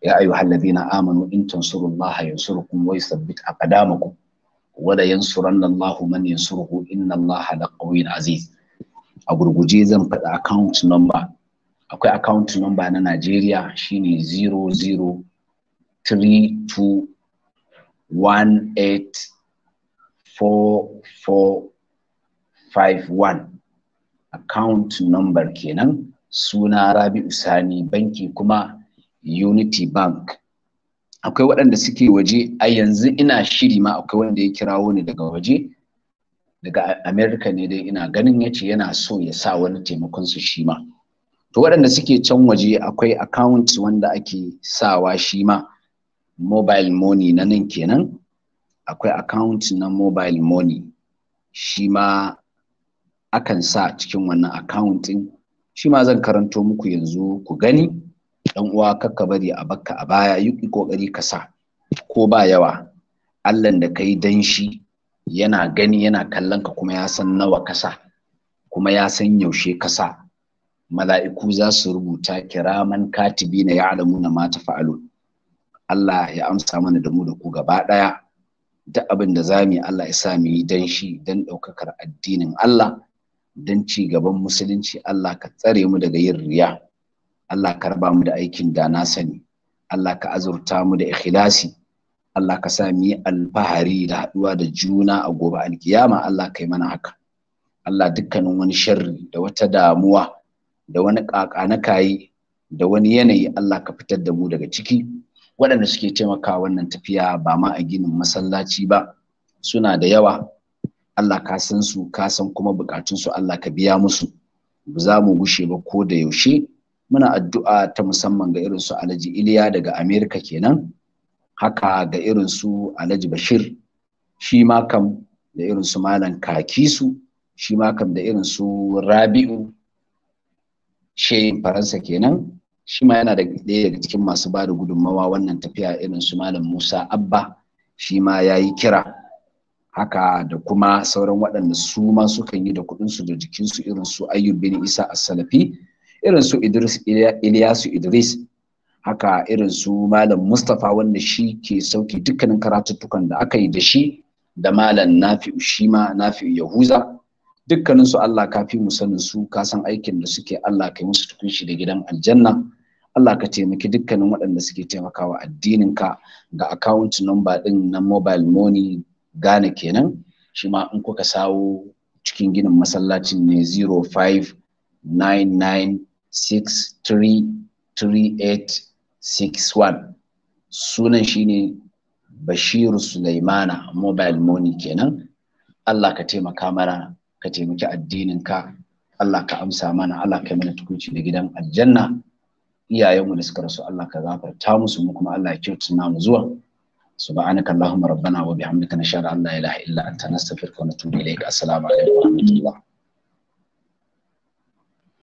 ya ayyuhal ladina amanu in tansurullaha yansurukum wa yuthabbit aqdamakum wala yansuranna Allahu man yansuruhu inna Allaha laqawiyyun aziz a gurguje zan faɗi account number akwai account number na Najeriya shine 0032184451 account number kenan suna Rabi'u Sani banki kuma Unity Bank akwai waɗanda suke waje a yanzu ina shiri ma akwai wanda ya kirawo ni daga waje daga america ne dai ina ganin ya ce yana so ya sa wani taimakon su shi ma to waɗanda suke can waje akwai account wanda ake sawa shi ma mobile money na nan kenan akwai account na mobile money shi ma akan sa cikin wannan account ɗin shi ma zan karanto muku yanzu ku gani dan uwa kakka bari a bakka a baya yi kokari ka sa ko ba yawa Allah da kai dan shi yana gani yana kallon ka kuma ya san nawa ka sa kuma ya san yaushe ka sa mala'iku za su rubuta kiraman katibi na na mata tafa'alun Allah ya amsa mana da mu da ku gaba daya duk abin da zamu Allah ya sa mu yi dan shi dan daukakar addinin Allah dan ci gaban musulunci Allah ka tsare mu daga yin riya Allah ka raba mu da aikin da na sani Allah ka azurta mu da ikhlasi Allah ka sa mu yi alfahari da haɗuwa da juna a gobe alkiyama Allah kai mana haka Allah dukkanin wani sharri da wata damuwa da wani ƙaƙa na kayi da wani yanayi Allah ka fitar da mu daga ciki waɗanda suke taimaka wannan tafiya ba ma a ginin masallaci ba suna da yawa Allah ka san su ka san kuma bukatunsu Allah ka biya musu ba za mu gushe ba ko da yaushe muna addu'a ta musamman ga irin su Alhaji Iliya daga Amerika kenan haka ga irin su Alhaji Bashir shi ma kam da irin su Malam Kakisu shi ma kam da irin su Rabi'u shein Faransa kenan shi ma yana daga cikin masu ba da gudunmawa wannan tafiya irin su Malam Musa Abba shi ma ya yi kira haka da kuma sauran waɗanda su ma sukan yi da kuɗinsu da jikinsu irin su Ayyub bin Isa as-Salafi irin su Idris Iliyasu Idris haka irin su Malam Mustapha wanda shi ke sauki dukkanin karatuttukan da aka yi da shi da Malam Nafi'u shi ma Nafi'u Yahuza dukkanin su Allah ka fi mu sanin su ka san aikin da suke Allah kai musu tukunshi da gidan aljanna Allah ka taimaki dukkanin waɗanda suke taimakawa addinin ka ga account number din na mobile money gane kenan shi ma in kuka sawo cikin ginin masallacin ne 0599 633861 sunan shine bashiru sulaimana mobile money kenan Allah ka taimaka mana ka taimaki addininka Allah ka amsa mana Allah ka mana tukunci da gidan aljanna iyayenmu da suka rasu Allah ka gafarta musu mu kuma Allah ya kyautu namu zuwa subhanaka allahumma rabbana wa bihamdika nashhadu an la ilaha illa anta nastaghfiruka wa natubu ilayk assalamu alaikum wa rahmatullahi.